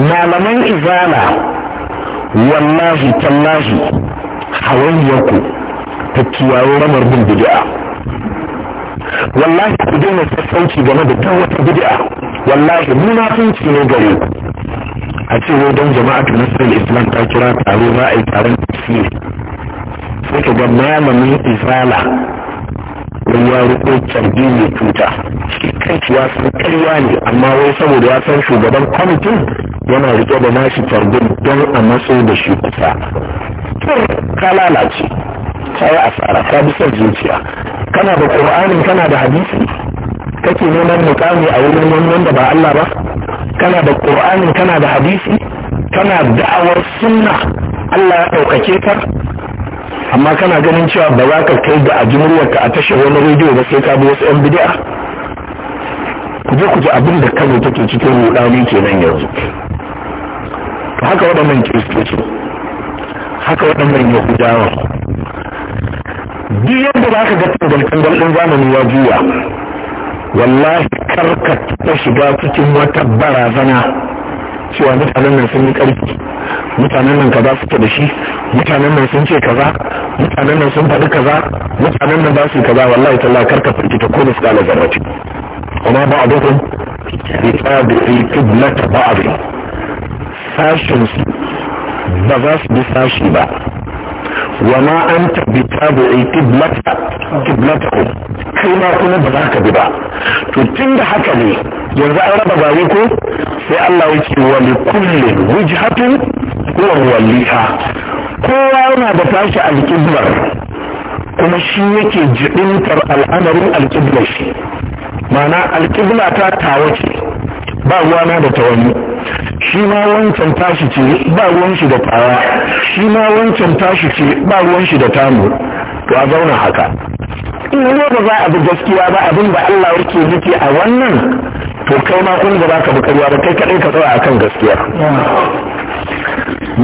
malaman izala wallahi tallahi hawayyarku ta kiyaye ramar bin bidi'a. wallahi ku daina sassauci game da duk wata bid'a wallahi munafinci ne gare ku a ce wai jama'a ta nasarar islam ta kira taro za a yi taron tafsiri sai ka ga malamin isala Wani ya riko carbi mai tuta shi kai ya karya ne amma wai saboda ya san shugaban kwamitin yana rike da nashi carbin don a matso da shi kusa Tun ka lalace ka yi asara ka bi son zuciya kana da ƙur'anin kana da hadisi kake neman mukami a wurin wani wanda ba Allah ba kana da ƙur'anin kana da hadisi kana da'awar sunna Allah ya ɗaukake ka amma kana ganin cewa ba za ka kai da a a tashar wani rediyo ba sai ka bi wasu 'yan bidiya ku je ku ji abin da kano take cikin rudani ke nan yanzu haka waɗannan kiristoci haka waɗannan yahudawa duk yadda za ka ga tangal-tangal ɗin zamani ya juya wallahi karka ta shiga cikin wata barazana cewa mutanen nan sun yi ƙarfi mutanen nan kaza suke da shi mutanen nan sun ce kaza mutanen nan sun faɗi kaza mutanen nan ba su kaza wallahi talla karka firgita ko da suka lazarrati kuma ba a dokun bi kiblata ba a sashen su ba za su bi sashi ba wa ma an tabi tabi'i qiblata qiblatahu kai ma kuma ba za ka bi ba to tun da haka ne yanzu an raba gari ko sai Allah yake wa li kullin wujhatin wa waliha kowa yana da tashi alƙiblar kuma shi yake jibintar al'amarin alƙiblar shi ma'ana alƙibla ta tawace ba ruwana da ta wani shi ma wancan tashi ce ba ruwan shi da fara shi ma wancan tashi ce ba ruwan shi da tamu to a zauna haka in ne ba za a bi gaskiya ba abin da Allah yake nufi a wannan to kai ma kun gaba ka bi ba kai kaɗai ka a kan gaskiya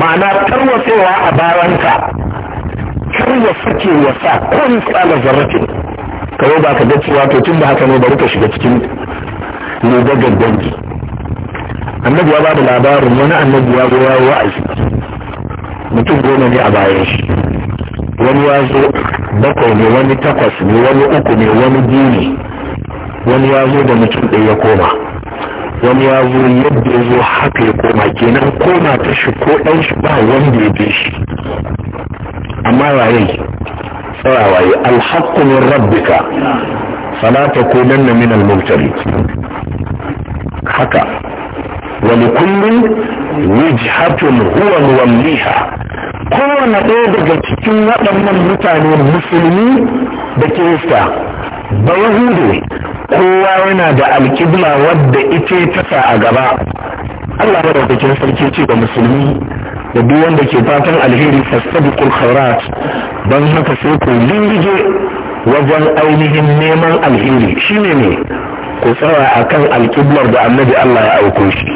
ma'ana tarwatsewa a baranka karya ya sake wasa ko tsala zarratin kawai ba ka gaskiya to tun da haka ne bari ka shiga cikin ne da gangan annabi ya bada labarin wani annabi ya zo ya yi wa'azi mutum goma ne a bayan shi wani ya zo bakwai ne wani takwas ne wani uku ne wani biyu ne wani ya zo da mutum ɗaya ya koma wani ya zo yadda ya zo haka ya koma kenan koma ta shi ko ɗan shi ba wanda ya bi shi amma waye tsayawa yi alhaqqu min ko nan na min al haka ولكل وجهة هو موليها kowane ɗaya daga cikin waɗannan mutane musulmi da kirista ba kowa yana da alkibla wadda ita tasa a gaba Allah madaukakin sarki ce ga musulmi da duk wanda ke fatan alheri fastabiqul khairat don haka sai ku lingige wajen ainihin neman alheri shine ne ku tsaya a kan alƙiblar da annabi Allah ya aiko shi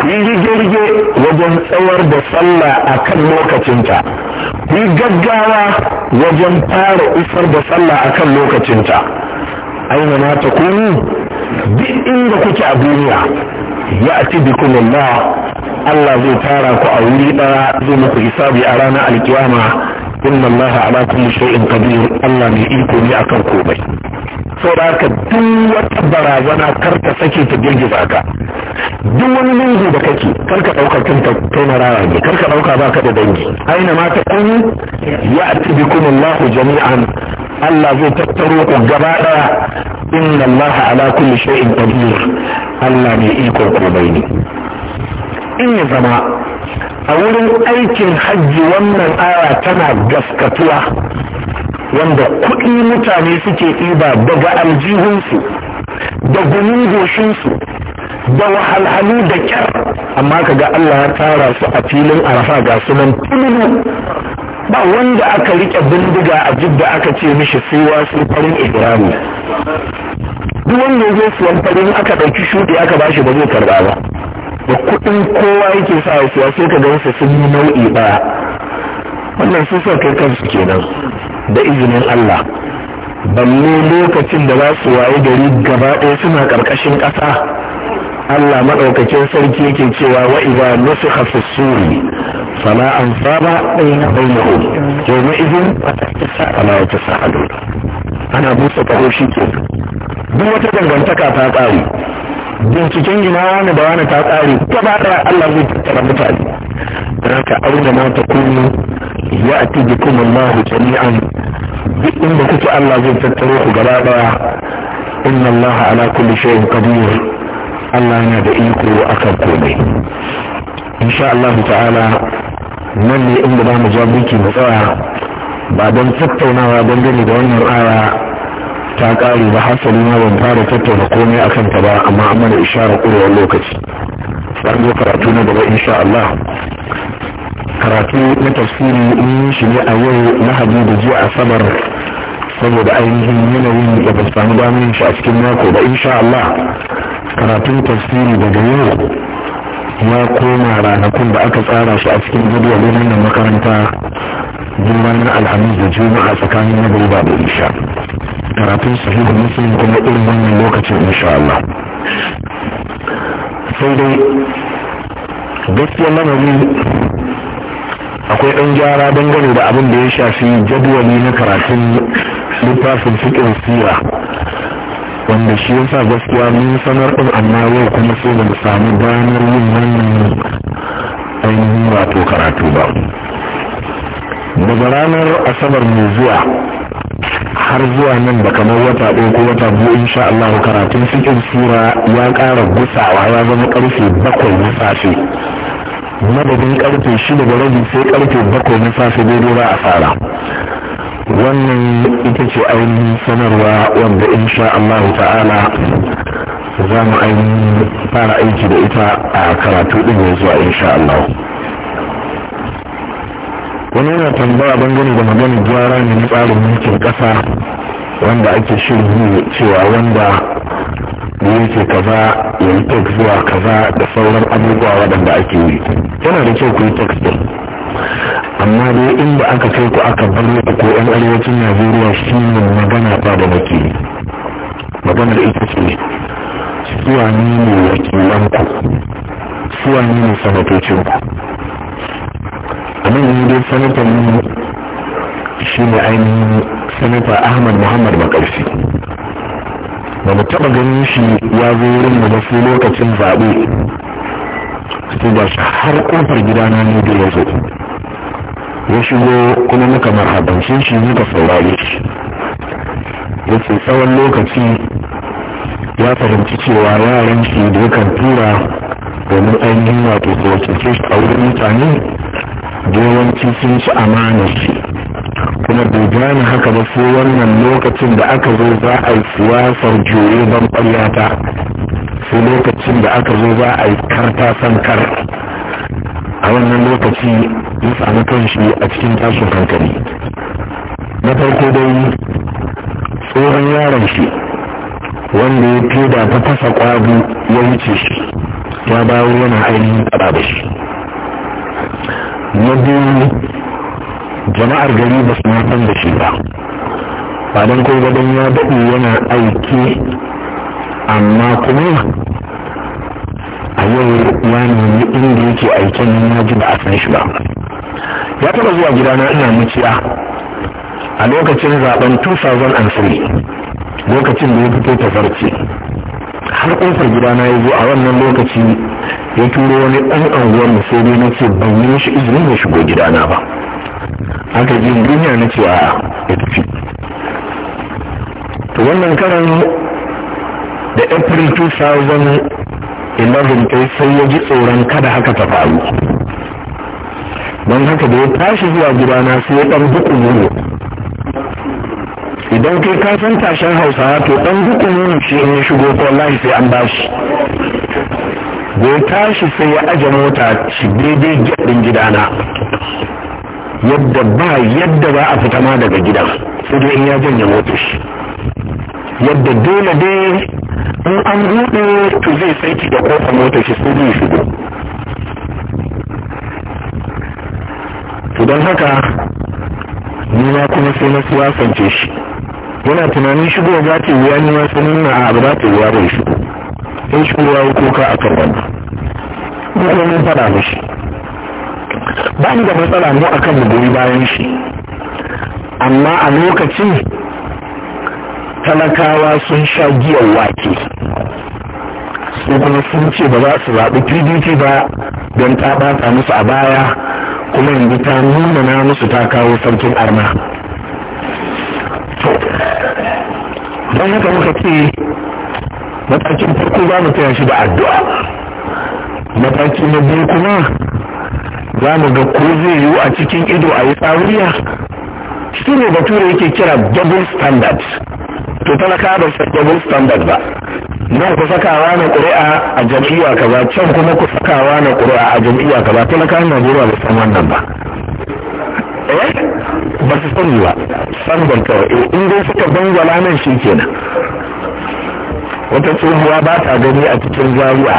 ku yi rige wajen tsawar da sallah a kan lokacinta ku yi gaggawa wajen fara isar da sallah a kan lokacinta aina na ta kuni duk inda kuke a duniya ya ati bikin Allah Allah zai tara ku a wuri ɗaya zai muku hisabi a ranar alkiyama inna Allah ala kulli shay'in qadir Allah ne iko ne akan komai saboda haka duk wata barazana kar ka sake ta girgiza ka duk wani lungu da kake kar ka dauka kanka kai na rawa ne kar ka dauka ba ka da dangi aina ma ta kunu ya'ti bikum Allah jami'an Allah zai tattaro ku gaba daya inna Allah ala kulli shay'in qadir Allah ne iko komai ne in ya zama a wurin aikin hajji wannan aya tana gaskatuwa wanda kuɗi mutane suke ɗiba daga aljihunsu da gumin goshinsu da wahalhalu da kyar amma kaga Allah ya tara su a filin arafa ga sunan tululu ba wanda aka rike bindiga a jib da aka ce mishi sai wasu farin ibrahim duk wanda ya zo siyan farin aka ɗauki shuɗi aka bashi ba zai karɓa ba da kuɗin kowa yake sa a siya sai ka ga su sun yi nau'i ba. wannan sun sa kai kansu kenan da izinin Allah balle lokacin da za su waye gari gaba ɗaya suna ƙarƙashin ƙasa Allah maɗaukakin sarki yake cewa wa iza nusikha fi suri fala ansaba bainahu yawma idhin ala yatasaalun ana busa karo shi duk wata dangantaka ta ƙare binciken gina wani da wani ta tsari ta ba ta Allah zai tattara mutane haka auna ma ta kunu ya ati bi kuma Allah jami'an duk inda kuke Allah zai tattaro ku gaba daya inna Allah ala kulli shay'in qadir Allah yana da iko akan komai insha Allah ta'ala nan ne inda za mu ja biki mu tsaya ba don tattaunawa gani da wannan aya ta ƙare ba hasali ma ban fara tattauna komai a kanta ba amma an mana isharar ƙurewar lokaci an zo karatu na gaba insha Allah karatu na tafsiri in shi ne a yau lahadi da jiya asabar saboda ainihin yanayin da ba samu damar shi a cikin mako ba insha Allah karatun tafsiri daga yau ya koma ranakun da aka tsara shi a cikin jadwalin wannan makaranta duk na alhamis da juma'a tsakanin magariba da isha karatun sahihu muslim kuma irin wannan lokacin insha Allah sai dai gaskiya lamari akwai ɗan gyara bangare da abin da ya shafi jadwali na karatun littafin cikin sira wanda shi yasa gaskiya mun sanar ɗin amma yau kuma sai da samu damar yin karatu ba daga ranar asabar mai zuwa har zuwa nan da kamar wata ɗaya ko wata biyu insha Allah karatun cikin sura ya ƙara gusawa ya zama ƙarfe bakwai na safe madadin ƙarfe shida da rabi sai ƙarfe bakwai na safe daidai ba a fara wannan ita ce ainihin sanarwa wanda insha Allah ta'ala za mu ainihin fara aiki da ita a karatu ɗin ya zuwa insha Allah. wani yana tambaya bangare da magana gyara ne na tsarin mulkin kasa wanda ake shirin yi cewa wanda da yake kaza ya yi tax zuwa kaza da sauran abubuwa waɗanda ake yi yana da kyau ku yi tax din amma dai inda aka kai ku aka bar muku ko yan arewacin najeriya shi ne magana ba da nake maganar ita ce suwa ne ne wakilanku suwa ne ne sanatocinku abin ne dai ne shi ne ainihin sanata ahmad muhammad makarfi ba mu taɓa ganin shi ya zo wurin mu masu lokacin zaɓe Su ba shi har ƙofar gidana ne da ya zo ya shigo kuma muka marhabancin shi muka saurare shi ya ce tsawon lokaci ya fahimci cewa yaran shi da yakan tura domin ainihin wato su wakilce shi a wurin mutane yawanci sun ci amana shi kuma bai gane haka ba sai wannan lokacin da aka zo za a yi siyasar juye ban ta sai lokacin da aka zo za a yi karta sankar a wannan lokaci ya sami kanshi a cikin tashin hankali na farko dai tsoron yaron shi wanda ya fi da ta fasa kwabu ya wuce shi ya bawo yana ainihin tsada da shi na biyu jama'ar gari ba su matan da shi ba ba don kai gadon ya daɗi yana aiki amma kuma a yau ya nemi inda yake aikin na yaji ji ba a san shi ba ya taɓa zuwa gidana ina muciya a lokacin zaben 2003 lokacin da ya fito tafarci har kofar gidana ya zo a wannan lokaci ya turo wani ɗan anguwar mu sai dai na ce ban yi shi izinin ya shigo gidana ba aka ji duniya na ce a ya tafi to wannan karan da april 2011 kai sai ya ji tsoron kada haka ta faru don haka da ya tashi zuwa gidana sai ya ɗan duk idan kai ka san tashin hausawa to dan hukumin shi in ya shigo ko wallahi sai an bashi go tashi sai ya aje mota shi daidai gidin gidana yadda ba yadda ba a fita ma daga gidan sai dai in ya janye mota shi yadda dole dai in an buɗe to zai saiti da kofar mota shi sai zai shigo to don haka ni ma kuma sai na siyasance shi yana tunanin shigo za ta yi ne ma nuna a abu za ta bai shigo in shigo ya yi kuka a kan wani dole mun fara mishi ba ni da matsala mu akan kan mugori bayan shi amma a lokacin talakawa sun sha giyar wake su kuma sun ce ba za su zaɓi pdp ba don ta ɓata musu a baya kuma yanzu ta nuna na musu ta kawo sarkin arna don haka muka ce matakin farko za mu taya shi da addu'a mataki na biyu kuma za mu ga ko zai yiwu a cikin ido a yi tsawuriya shi ne bature yake kira double standard to talaka ka da double standard ba nan ku sakawa na ƙuri'a a jam'iyya kaza can kuma ku sakawa na ƙuri'a a jam'iyya kaza talaka na zuwa da san wannan ba eh ba su sani ba bangon kawai eh, in dai suka bangwala nan shi kenan wata tsohuwa ba ta gani a cikin zaruwa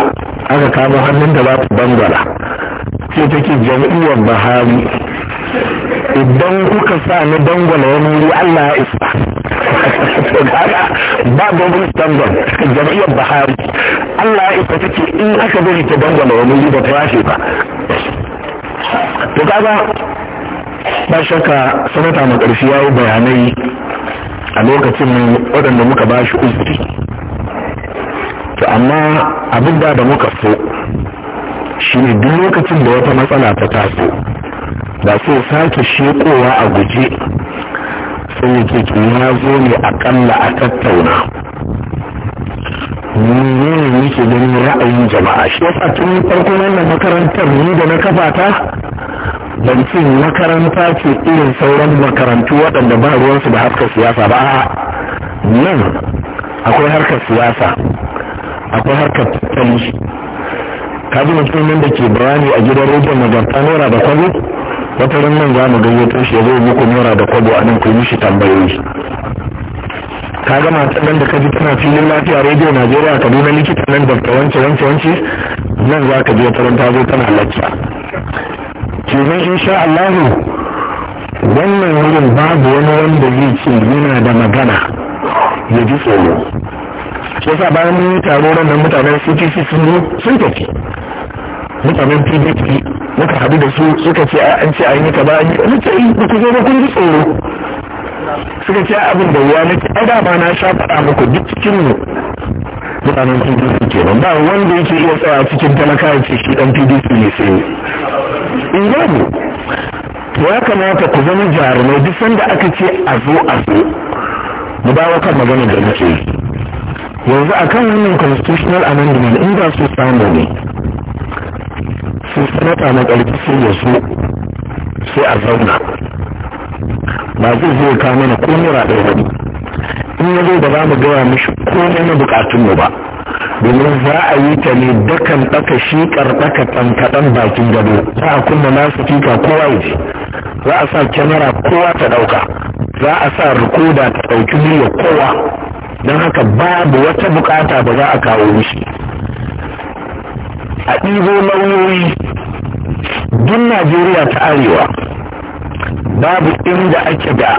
aka kama hannun da ba ta bangwala ce take jam'iyyar bahari idan kuka sa na dangwala wani wuri allah ya isa ba domin standard jam'iyyar bahari allah ya isa take in aka bari ta dangwala wani wuri ba ta yashe ba to kaga ba shakka sanata makarfi ya yi bayanai a lokacin waɗanda muka ba shi uzuri to amma abin da da muka so shi ne duk lokacin da wata matsala ta taso ba so sake shekowa a guje sai yake ya zo ne akalla a tattauna ne nake ganin ra'ayin jama'a shi yasa tun farkon wannan makarantar ni da na kafa ta ban ce makaranta ce irin sauran makarantu waɗanda ba ruwansu da harkar siyasa ba nan akwai harkar siyasa akwai harkar tattali kaji nan da ke birane a gidan rediyon magarta nora da kwabo wata ran nan za mu gayyato shi ya zo muku nora da kwabo a nan ku mishi tambayoyi ka gama nan da kaji tana filin lafiya rediyo najeriya ka nuna likita nan da wance wance wance nan za ka je wata ran ta zo tana lacca kenan insha Allah wannan wurin babu wani wanda zai ce yana da magana ya ji tsoro shi sa bayan mun yi taro ranar mutanen CTC sun zo sun tafi mutanen PDP muka haɗu da su suka ce an ce an yi ka ba an yi wani ce yi eh, ba ku zo ba kun ji tsoro suka ce abin da ya nake ai da ba na sha faɗa muku duk cikin mu mutanen PDP ke ba wanda yake iya tsaya cikin talaka ya ce shi ɗan PDP ne sai in to ya kamata ku zama jarumai duk sanda aka ce a zo a zo mu dawo kan magana da yi yanzu a kan wannan constitutional amendment in ba su samu ne su sanata na ƙarfi sai ya so sai a zauna ba zai zai kawo mana komira ɗaya ba in ya zo da za mu gaya mishi komai na bukatunmu ba domin za a yi ta ne dakan ɗaka shi ɗaka ɗankaɗan bakin gado za a kunna nasu fika kowa ya ce za a sa kyamara kowa ta ɗauka za a sa rikoda ta ɗauki murya kowa don haka babu wata buƙata ba za a kawo mishi a ɗibo lauyoyi duk najeriya ta arewa babu inda ake da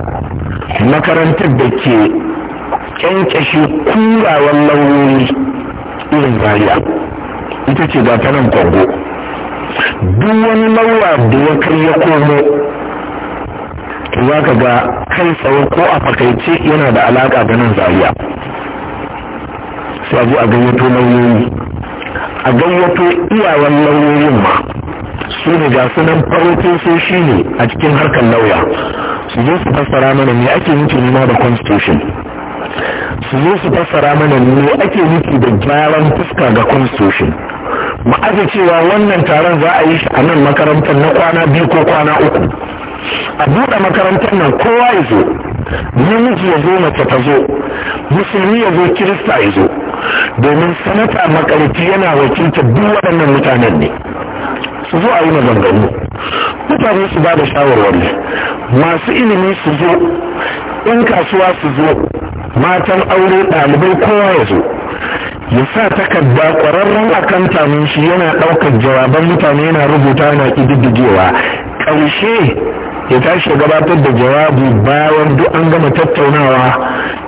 makarantar da ke kyankyashe kurawan lauyoyi irin zariya ita ce ta nan kwango duk wani lauwa da ya kai ya komo za ka ga kai tsawo ko a fakaice yana da alaka da nan zariya sai a a gayyato lauyoyi a gayyato iyawan lauyoyin ma su ne ga sunan shi ne a cikin harkar lauya su zo su fassara mana me ake nufi nima da constitution su su fassara mana ne ake nufi da gyaran fuska ga constitution mu aje cewa wannan taron za a yi shi a nan makarantar na kwana biyu ko kwana uku a buɗe makarantar nan kowa ya zo namiji ya zo mace ta zo musulmi ya zo kirista ya zo domin sanata makarfi yana wakiltar duk waɗannan mutanen ne su zo a yi maganganu mutane su ba da shawarwari masu ilimi su zo in kasuwa su zo matan aure ɗalibai kowa ya zo ya sa takarda ƙwararren a akantamin shi yana ɗaukar jawaban mutane yana rubuta yana ƙididdigewa ƙarshe ya tashi ya gabatar da jawabi bayan duk an gama tattaunawa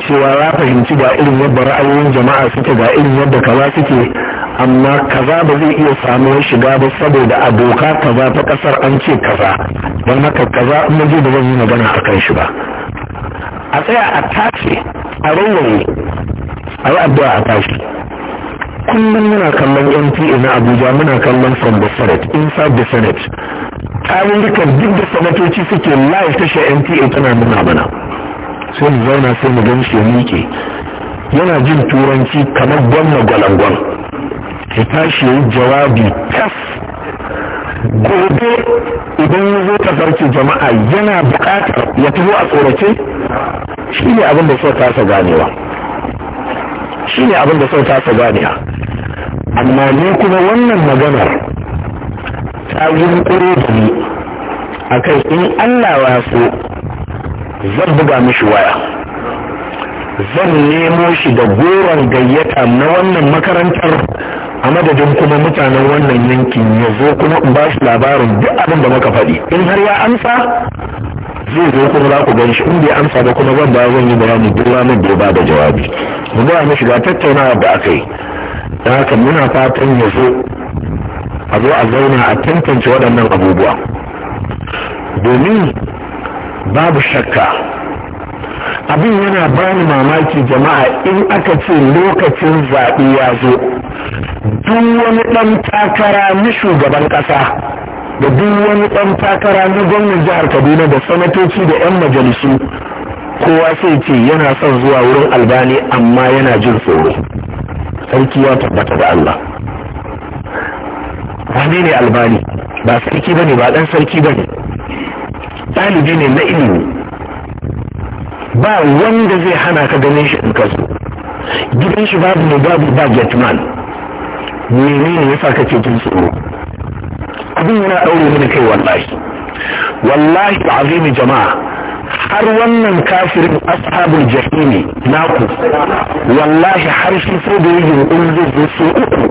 cewa ya fahimci ga irin yadda ra'ayoyin jama'a suke ga irin yadda kaza suke amma kaza ba zai iya samu shiga ba saboda a doka kaza ta kasar an ce kaza don haka kaza in je ba zan yi magana a kan shi ba a tsaya a tashi a rawaye a yi addu'a a tashi kullum muna kallon mpa na abuja muna kallon from the senate inside the senate duk da sanatoci suke live tasha mpa tana nuna mana sai mu zauna sai mu gan shi miƙe yana jin turanci kamar gwamna gwalangwal ya tashi jawabi tas gobe idan ya zo tafarki jama'a yana buƙatar ya taho a tsorace shi ne abin da suka kasa ganewa shi ne abin da sau ta ganiya amma ne kuma wannan maganar ta yi kure da ni a kai in allah ya so zan buga mishi waya zan nemo shi da goron gayyata na wannan makarantar a madadin kuma mutanen wannan yankin ya zo kuma in ba shi labarin duk abin da muka faɗi in har ya amsa zai zo kuma za ku gan shi in bai amsa ba kuma zan ba zan yi bayani duk ranar da ya ba da jawabi mu ga mu shiga tattaunawa da aka yi da haka muna fatan ya zo a zo a zauna a tantance waɗannan abubuwa domin babu shakka abin yana bani mamaki jama'a in aka ce lokacin zaɓe ya zo duk wani ɗan takara na shugaban ƙasa da duk wani ɗan takara na gwamnan jihar kaduna da sanatoci da 'yan majalisu kowa sai ce yana son zuwa wurin albani amma yana jin tsoro sarki ya tabbata da allah wani ne albani ba sarki ba ne ba ɗan sarki ba ne ɗalibi ne na ilimi ba wanda zai hana ka ganin shi in kasu. gidan shi babu ne babu ba getman menene ya sa kake jin tsoro abin yana ɗaure mini kai wallahi wallahi azimi jama'a har wannan kafirin ashabul jahimi naku wallahi har shi sai da yayin unzur da su uku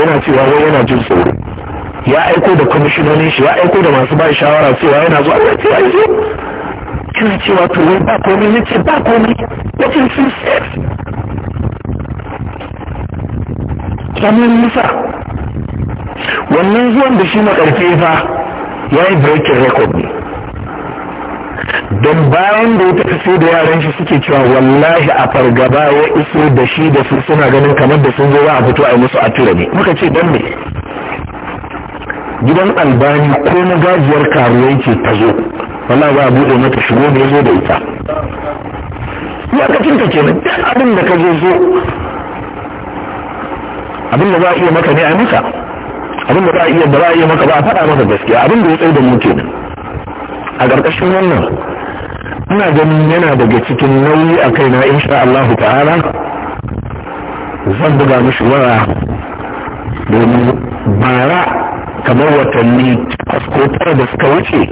yana cewa wai yana jin tsoro ya aiko da kwamishinonin shi ya aiko da masu ba shawara cewa yana zuwa ya ce ya zo kina cewa to wai ba komai ya ce ba komai ya ce sun sai kamar nisa wannan zuwan da shi makarfe fa ya yi breaking record ne don bayan da ya tafi sai da yaran shi suke cewa wallahi a fargaba ya iso da shi da su suna ganin kamar da sun zo za a fito a yi musu a tura ne muka ce don me gidan albani ko na gajiyar karuwai ce ta zo wala za a buɗe mata shigo ne zo da ita ka ke nan, duk abin da ka zo zo abin da za a iya maka ne a maka abin da a iya da ba iya maka ba a faɗa maka gaskiya abin da ya tsaye da mu kenan a ƙarƙashin wannan ina ganin yana daga cikin nauyi a kaina insha Allah ta'ala zan buga mishi waya domin bara kamar watanni takwas ko tara da suka wuce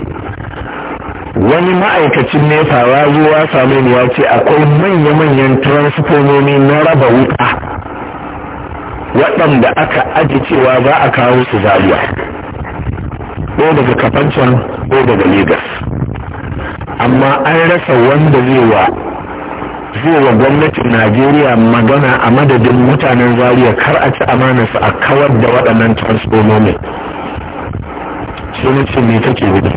wani ma'aikacin nefa ya zuwa same ni ya ce akwai manya-manyan transformomi na raba wuta waɗanda aka aji cewa za a kawo su zariya ko daga kafancin ko daga Legas. amma an rasa wanda zai wa gwamnatin najeriya magana a madadin mutanen zariya kar a ci amanarsa a kawar da waɗannan transformomi sai na ce me take gudu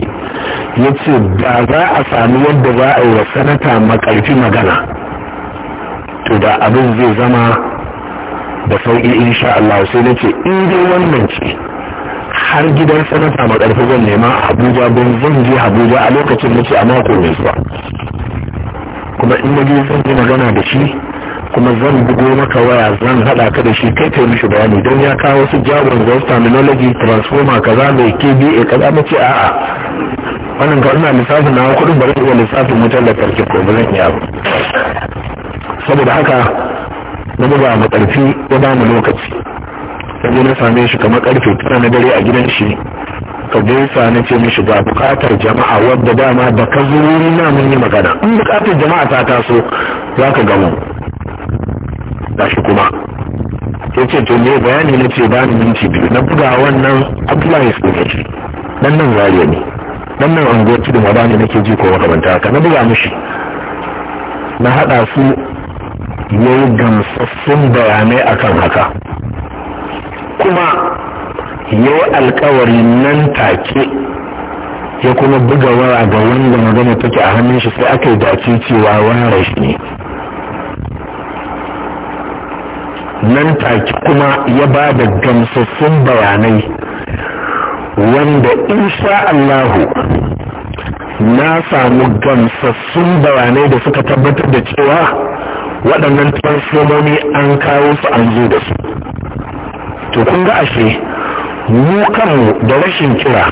ya ce ba za a sami yadda za a yi wa sanata makarfi magana to da abin zai zama da sauƙi sha Allah sai na ce in dai wannan ce har gidan sanata ma ƙarfi zan nema Abuja don zan je Abuja a lokacin na ce a mako mai zuwa kuma in maji zan yi magana da shi kuma zan bugo maka waya zan haɗa ka da shi kai kai mishi bayani don ya kawo wasu jawon zan terminology transformer kaza mai kba kaza na ce a'a wannan ga ina lissafin na kudin ba iya lissafin wutar lantarki ko ba zan iya ba saboda haka na buga ma karfi ya ba mu lokaci kaje na same shi kamar karfe tara na dare a gidan shi ka gaisa na ce mishi ga bukatar jama'a wadda dama da ka zo na mun yi magana in bukatar jama'a ta taso za ka gamu shi kuma ya ce to ne bayani na ce bani minti biyu na buga wannan abdullahi sojoji dan nan zariya ne dan nan unguwar tudun wadani nake ji ko makamanta haka na buga mishi na haɗa su ya yi gamsassun bayanai akan haka kuma ya yi alkawari nan take ya kuma buga wara ga wanda magana take a hannun shi sai aka yi dace cewa wara shi ne nan take kuma ya ba da gamsassun bayanai wanda in sha Allahu na samu gamsassun bayanai da suka tabbatar da cewa waɗannan transformomi an kawo su an zo da su to kun ga ashe mu kanmu da rashin kira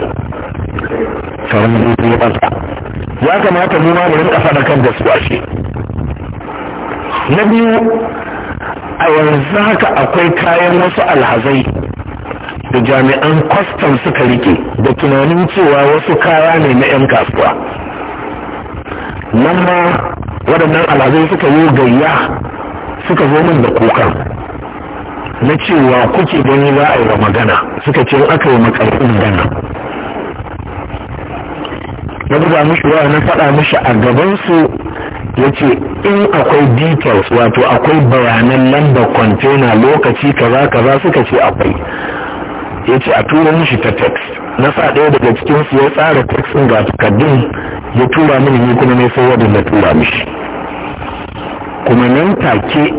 sauran zuwa masa ya kamata mu ma mu rinka faɗa kan da su ashe na biyu a yanzu haka akwai kayan wasu alhazai da jami'an kwastam suka rike da tunanin cewa wasu kaya ne na 'yan kasuwa nan ma waɗannan alhazai suka yi gayya suka zo min da kuka na cewa kuke gani za a yi wa magana suka ce aka yi makarfin gana na buga mishi wa na faɗa mishi a gabansu ya ce in akwai details wato akwai bayanan lambar kwantena lokaci kaza kaza suka ce akwai ya ce a tura mishi ta text na sa ɗaya daga cikin ya tsara text ɗin ga takardun ya tura mini ni kuma mai sai wadda na tura mishi kuma nan take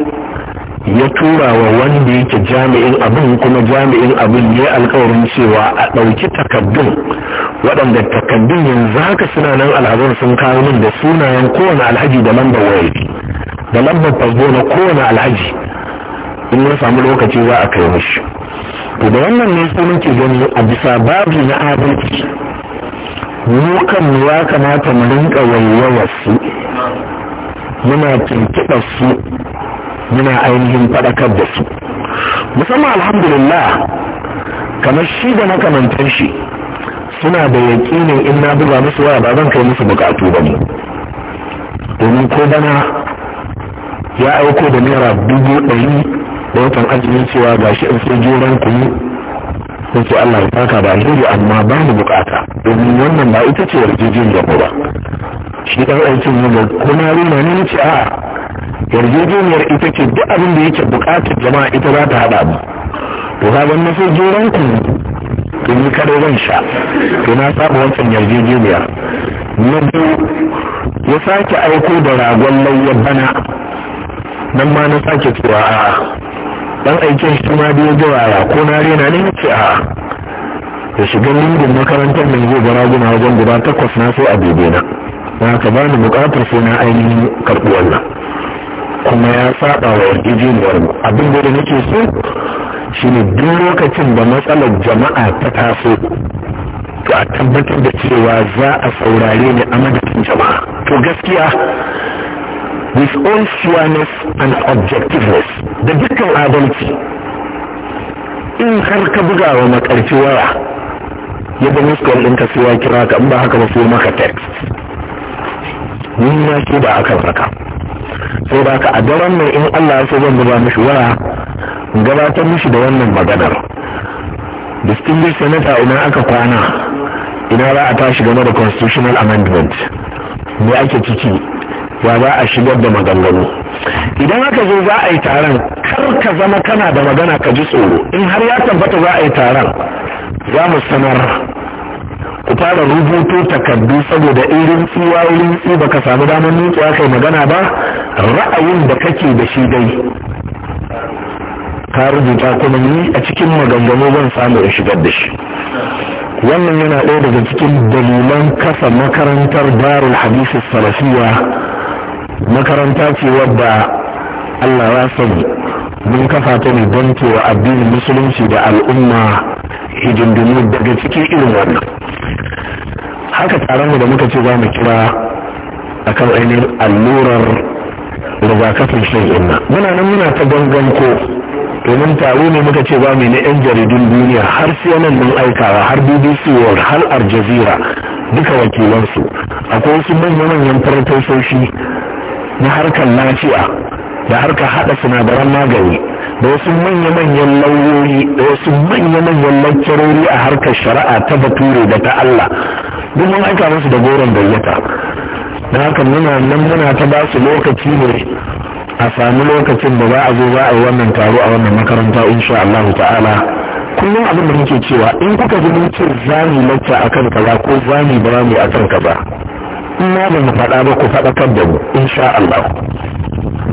ya tura wa wanda yake jami'in abin kuma jami'in abin ya alkawarin cewa a ɗauki takardun waɗanda takardun yanzu haka suna nan alhazan sun kawo min da sunayen kowane alhaji da lambar wayar da lambar fasbo na kowane alhaji in na samu lokaci za a kai mishi to da wannan ne sai muke gani a bisa babu na adalci mu kan ya kamata mu rinka wayewa su muna tuntuɓa su muna ainihin faɗakar da su musamman alhamdulillah kamar shi da makamantan shi suna da yaƙinin in na buga musu waya ba zan kai musu buƙatu ba ne domin ko bana ya aiko da naira dubu ɗari da watan azumin cewa ga shi in sai jeran kunu sai ce Allah ya saka da alheri amma ba mu bukata domin wannan ba ita ce yarjejeniyar mu ba shi dan aikin mu kuma rina ne ce a yarjejeniyar ita ce duk abin da yake bukatar jama'a ita za ta hada mu to ga wannan sai jeran kunu to ni kada zan sha to na saba wancan yarjejeniyar na biyu ya sake aiko da ragon layyar bana nan ma na sake cewa a ɗan aikin shi ma biyu da waya ko na rena ne ce a da shigan lingin makarantar mai zai gara guna wajen guda takwas na sai a bebe na na ka ba ni bukatar sai na ainihin karɓi wannan kuma ya saba wa yarjejeniyar mu abin da nake so shi ne duk lokacin da matsalar jama'a ta taso to a tabbatar da cewa za a saurare ni a madadin jama'a to gaskiya with all sureness and objectiveness da dukkan adalci in har ka buga wa makarci waya yadda muskul ɗin ka siwa kira ka in ba haka ba sai maka text ni na shi da akan raka, sai ba ka a daren mai in Allah ya so zan buga mishi waya gabatar mishi da wannan maganar distinguished senator ina aka kwana ina za a tashi game da constitutional amendment me ake ciki Wa za a shigar da maganganu idan aka zo za a yi taron kar ka zama kana da magana ka ji tsoro in har ya tabbata za a yi taron za mu sanar ku fara rubuto takardu saboda irin tsiwa wurin tsi baka samu damar nutsuwa kai magana ba ra'ayin da kake da shi dai ka rubuta kuma ni a cikin maganganu zan samu in shigar da shi wannan yana ɗaya daga cikin dalilan kasa makarantar darul hadisi salafiya makaranta ce wadda Allah ya sani mun kafa ta ne don cewa addinin musulunci da al'umma hijindumi daga cikin irin wannan haka taron da muka ce za mu kira a kan ainihin allurar rigakafin shan inna muna nan muna ta ganganko domin taro ne muka ce ba mai na 'yan jaridun duniya har cnn mun aikawa har bbc world har aljazeera duka wakilansu akwai wasu manya-manyan farfesoshi na harkar lafiya da harkar haɗa sinadaran magani da wasu manya-manyan lauyoyi da wasu manya-manyan lakcarori a harkar shari'a ta bature da ta Allah duk mun aika musu da goron bayyata. da haka muna nan muna ta ba su lokaci ne a sami lokacin da za a zo za a yi wannan taro a wannan makaranta insha Allah ta'ala kullum abin da muke cewa in kuka ji mun ce mu lacca akan kaza ko zami ba mu kan kaza ina ma ba mu faɗa ba ku faɗakar da mu insha Allah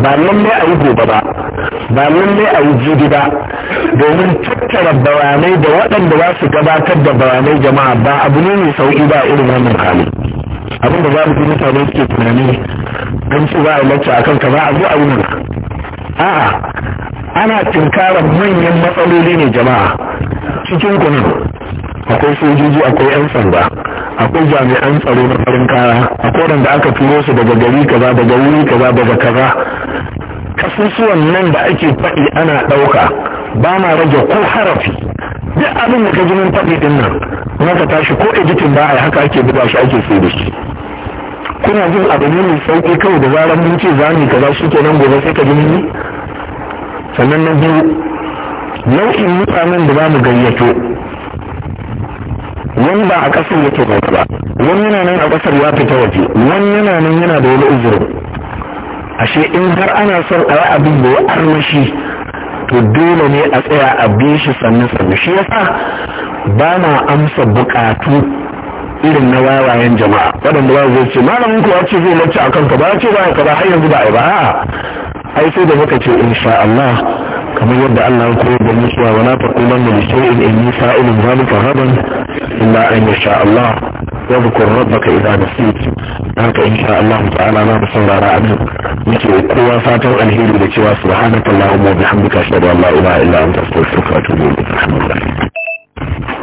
ba lallai a yi gobe ba ba lallai a yi jibi ba domin tattara bayanai da waɗanda za su gabatar da bayanai jama'a ba abu ne mai sauƙi ba irin wannan hali abin da za mu mutane suke tunani an ce za a lacce akan ka za a zo a yi mana a'a ana tinkarar manyan matsaloli ne jama'a cikin kunan akwai sojoji akwai yan sanda akwai jami'an tsaro na farin kaya akwai wanda aka turo su daga gari kaza daga wuri kaza daga kaza kasusuwan nan da ake faɗi ana ɗauka ba na rage ko harafi duk abin da ka ji mun faɗi din nan ka tashi ko editin ba a haka ake buga shi ake so da shi kuna jin abu ne mai sauƙi kawai da zarar mun ce zami kaza shi nan gobe sai ka ji mun sannan na biyu nau'in mutanen da za mu gayyato wani ba a ƙasar yake bauta ba wani yana nan a kasar ya fita waje wani yana nan yana da wani uzuri ashe in har ana son a yi abin da ya armashi to dole ne a tsaya a bi shi sannu sannu shi yasa ba na amsa bukatu irin na wawayen jama'a waɗanda ba zai ce malamin ku ce zai lacce akan ka ba ya ce ba ka ba har yanzu ba a yi ba a'a ai sai da muka ce insha Allah kamar yadda Allah ya koyar da mu cewa wala taqulanna li shay'in inni fa'ilun zalika ghadan illa an yasha Allah واذكر ربك اذا نسيت haka insha Allah ta'ala na saurara abin muke kowa fatan alheri da cewa subhanakallahumma wa bihamdika ashhadu an la ilaha illa anta astaghfiruka wa atubu ilayk alhamdulillah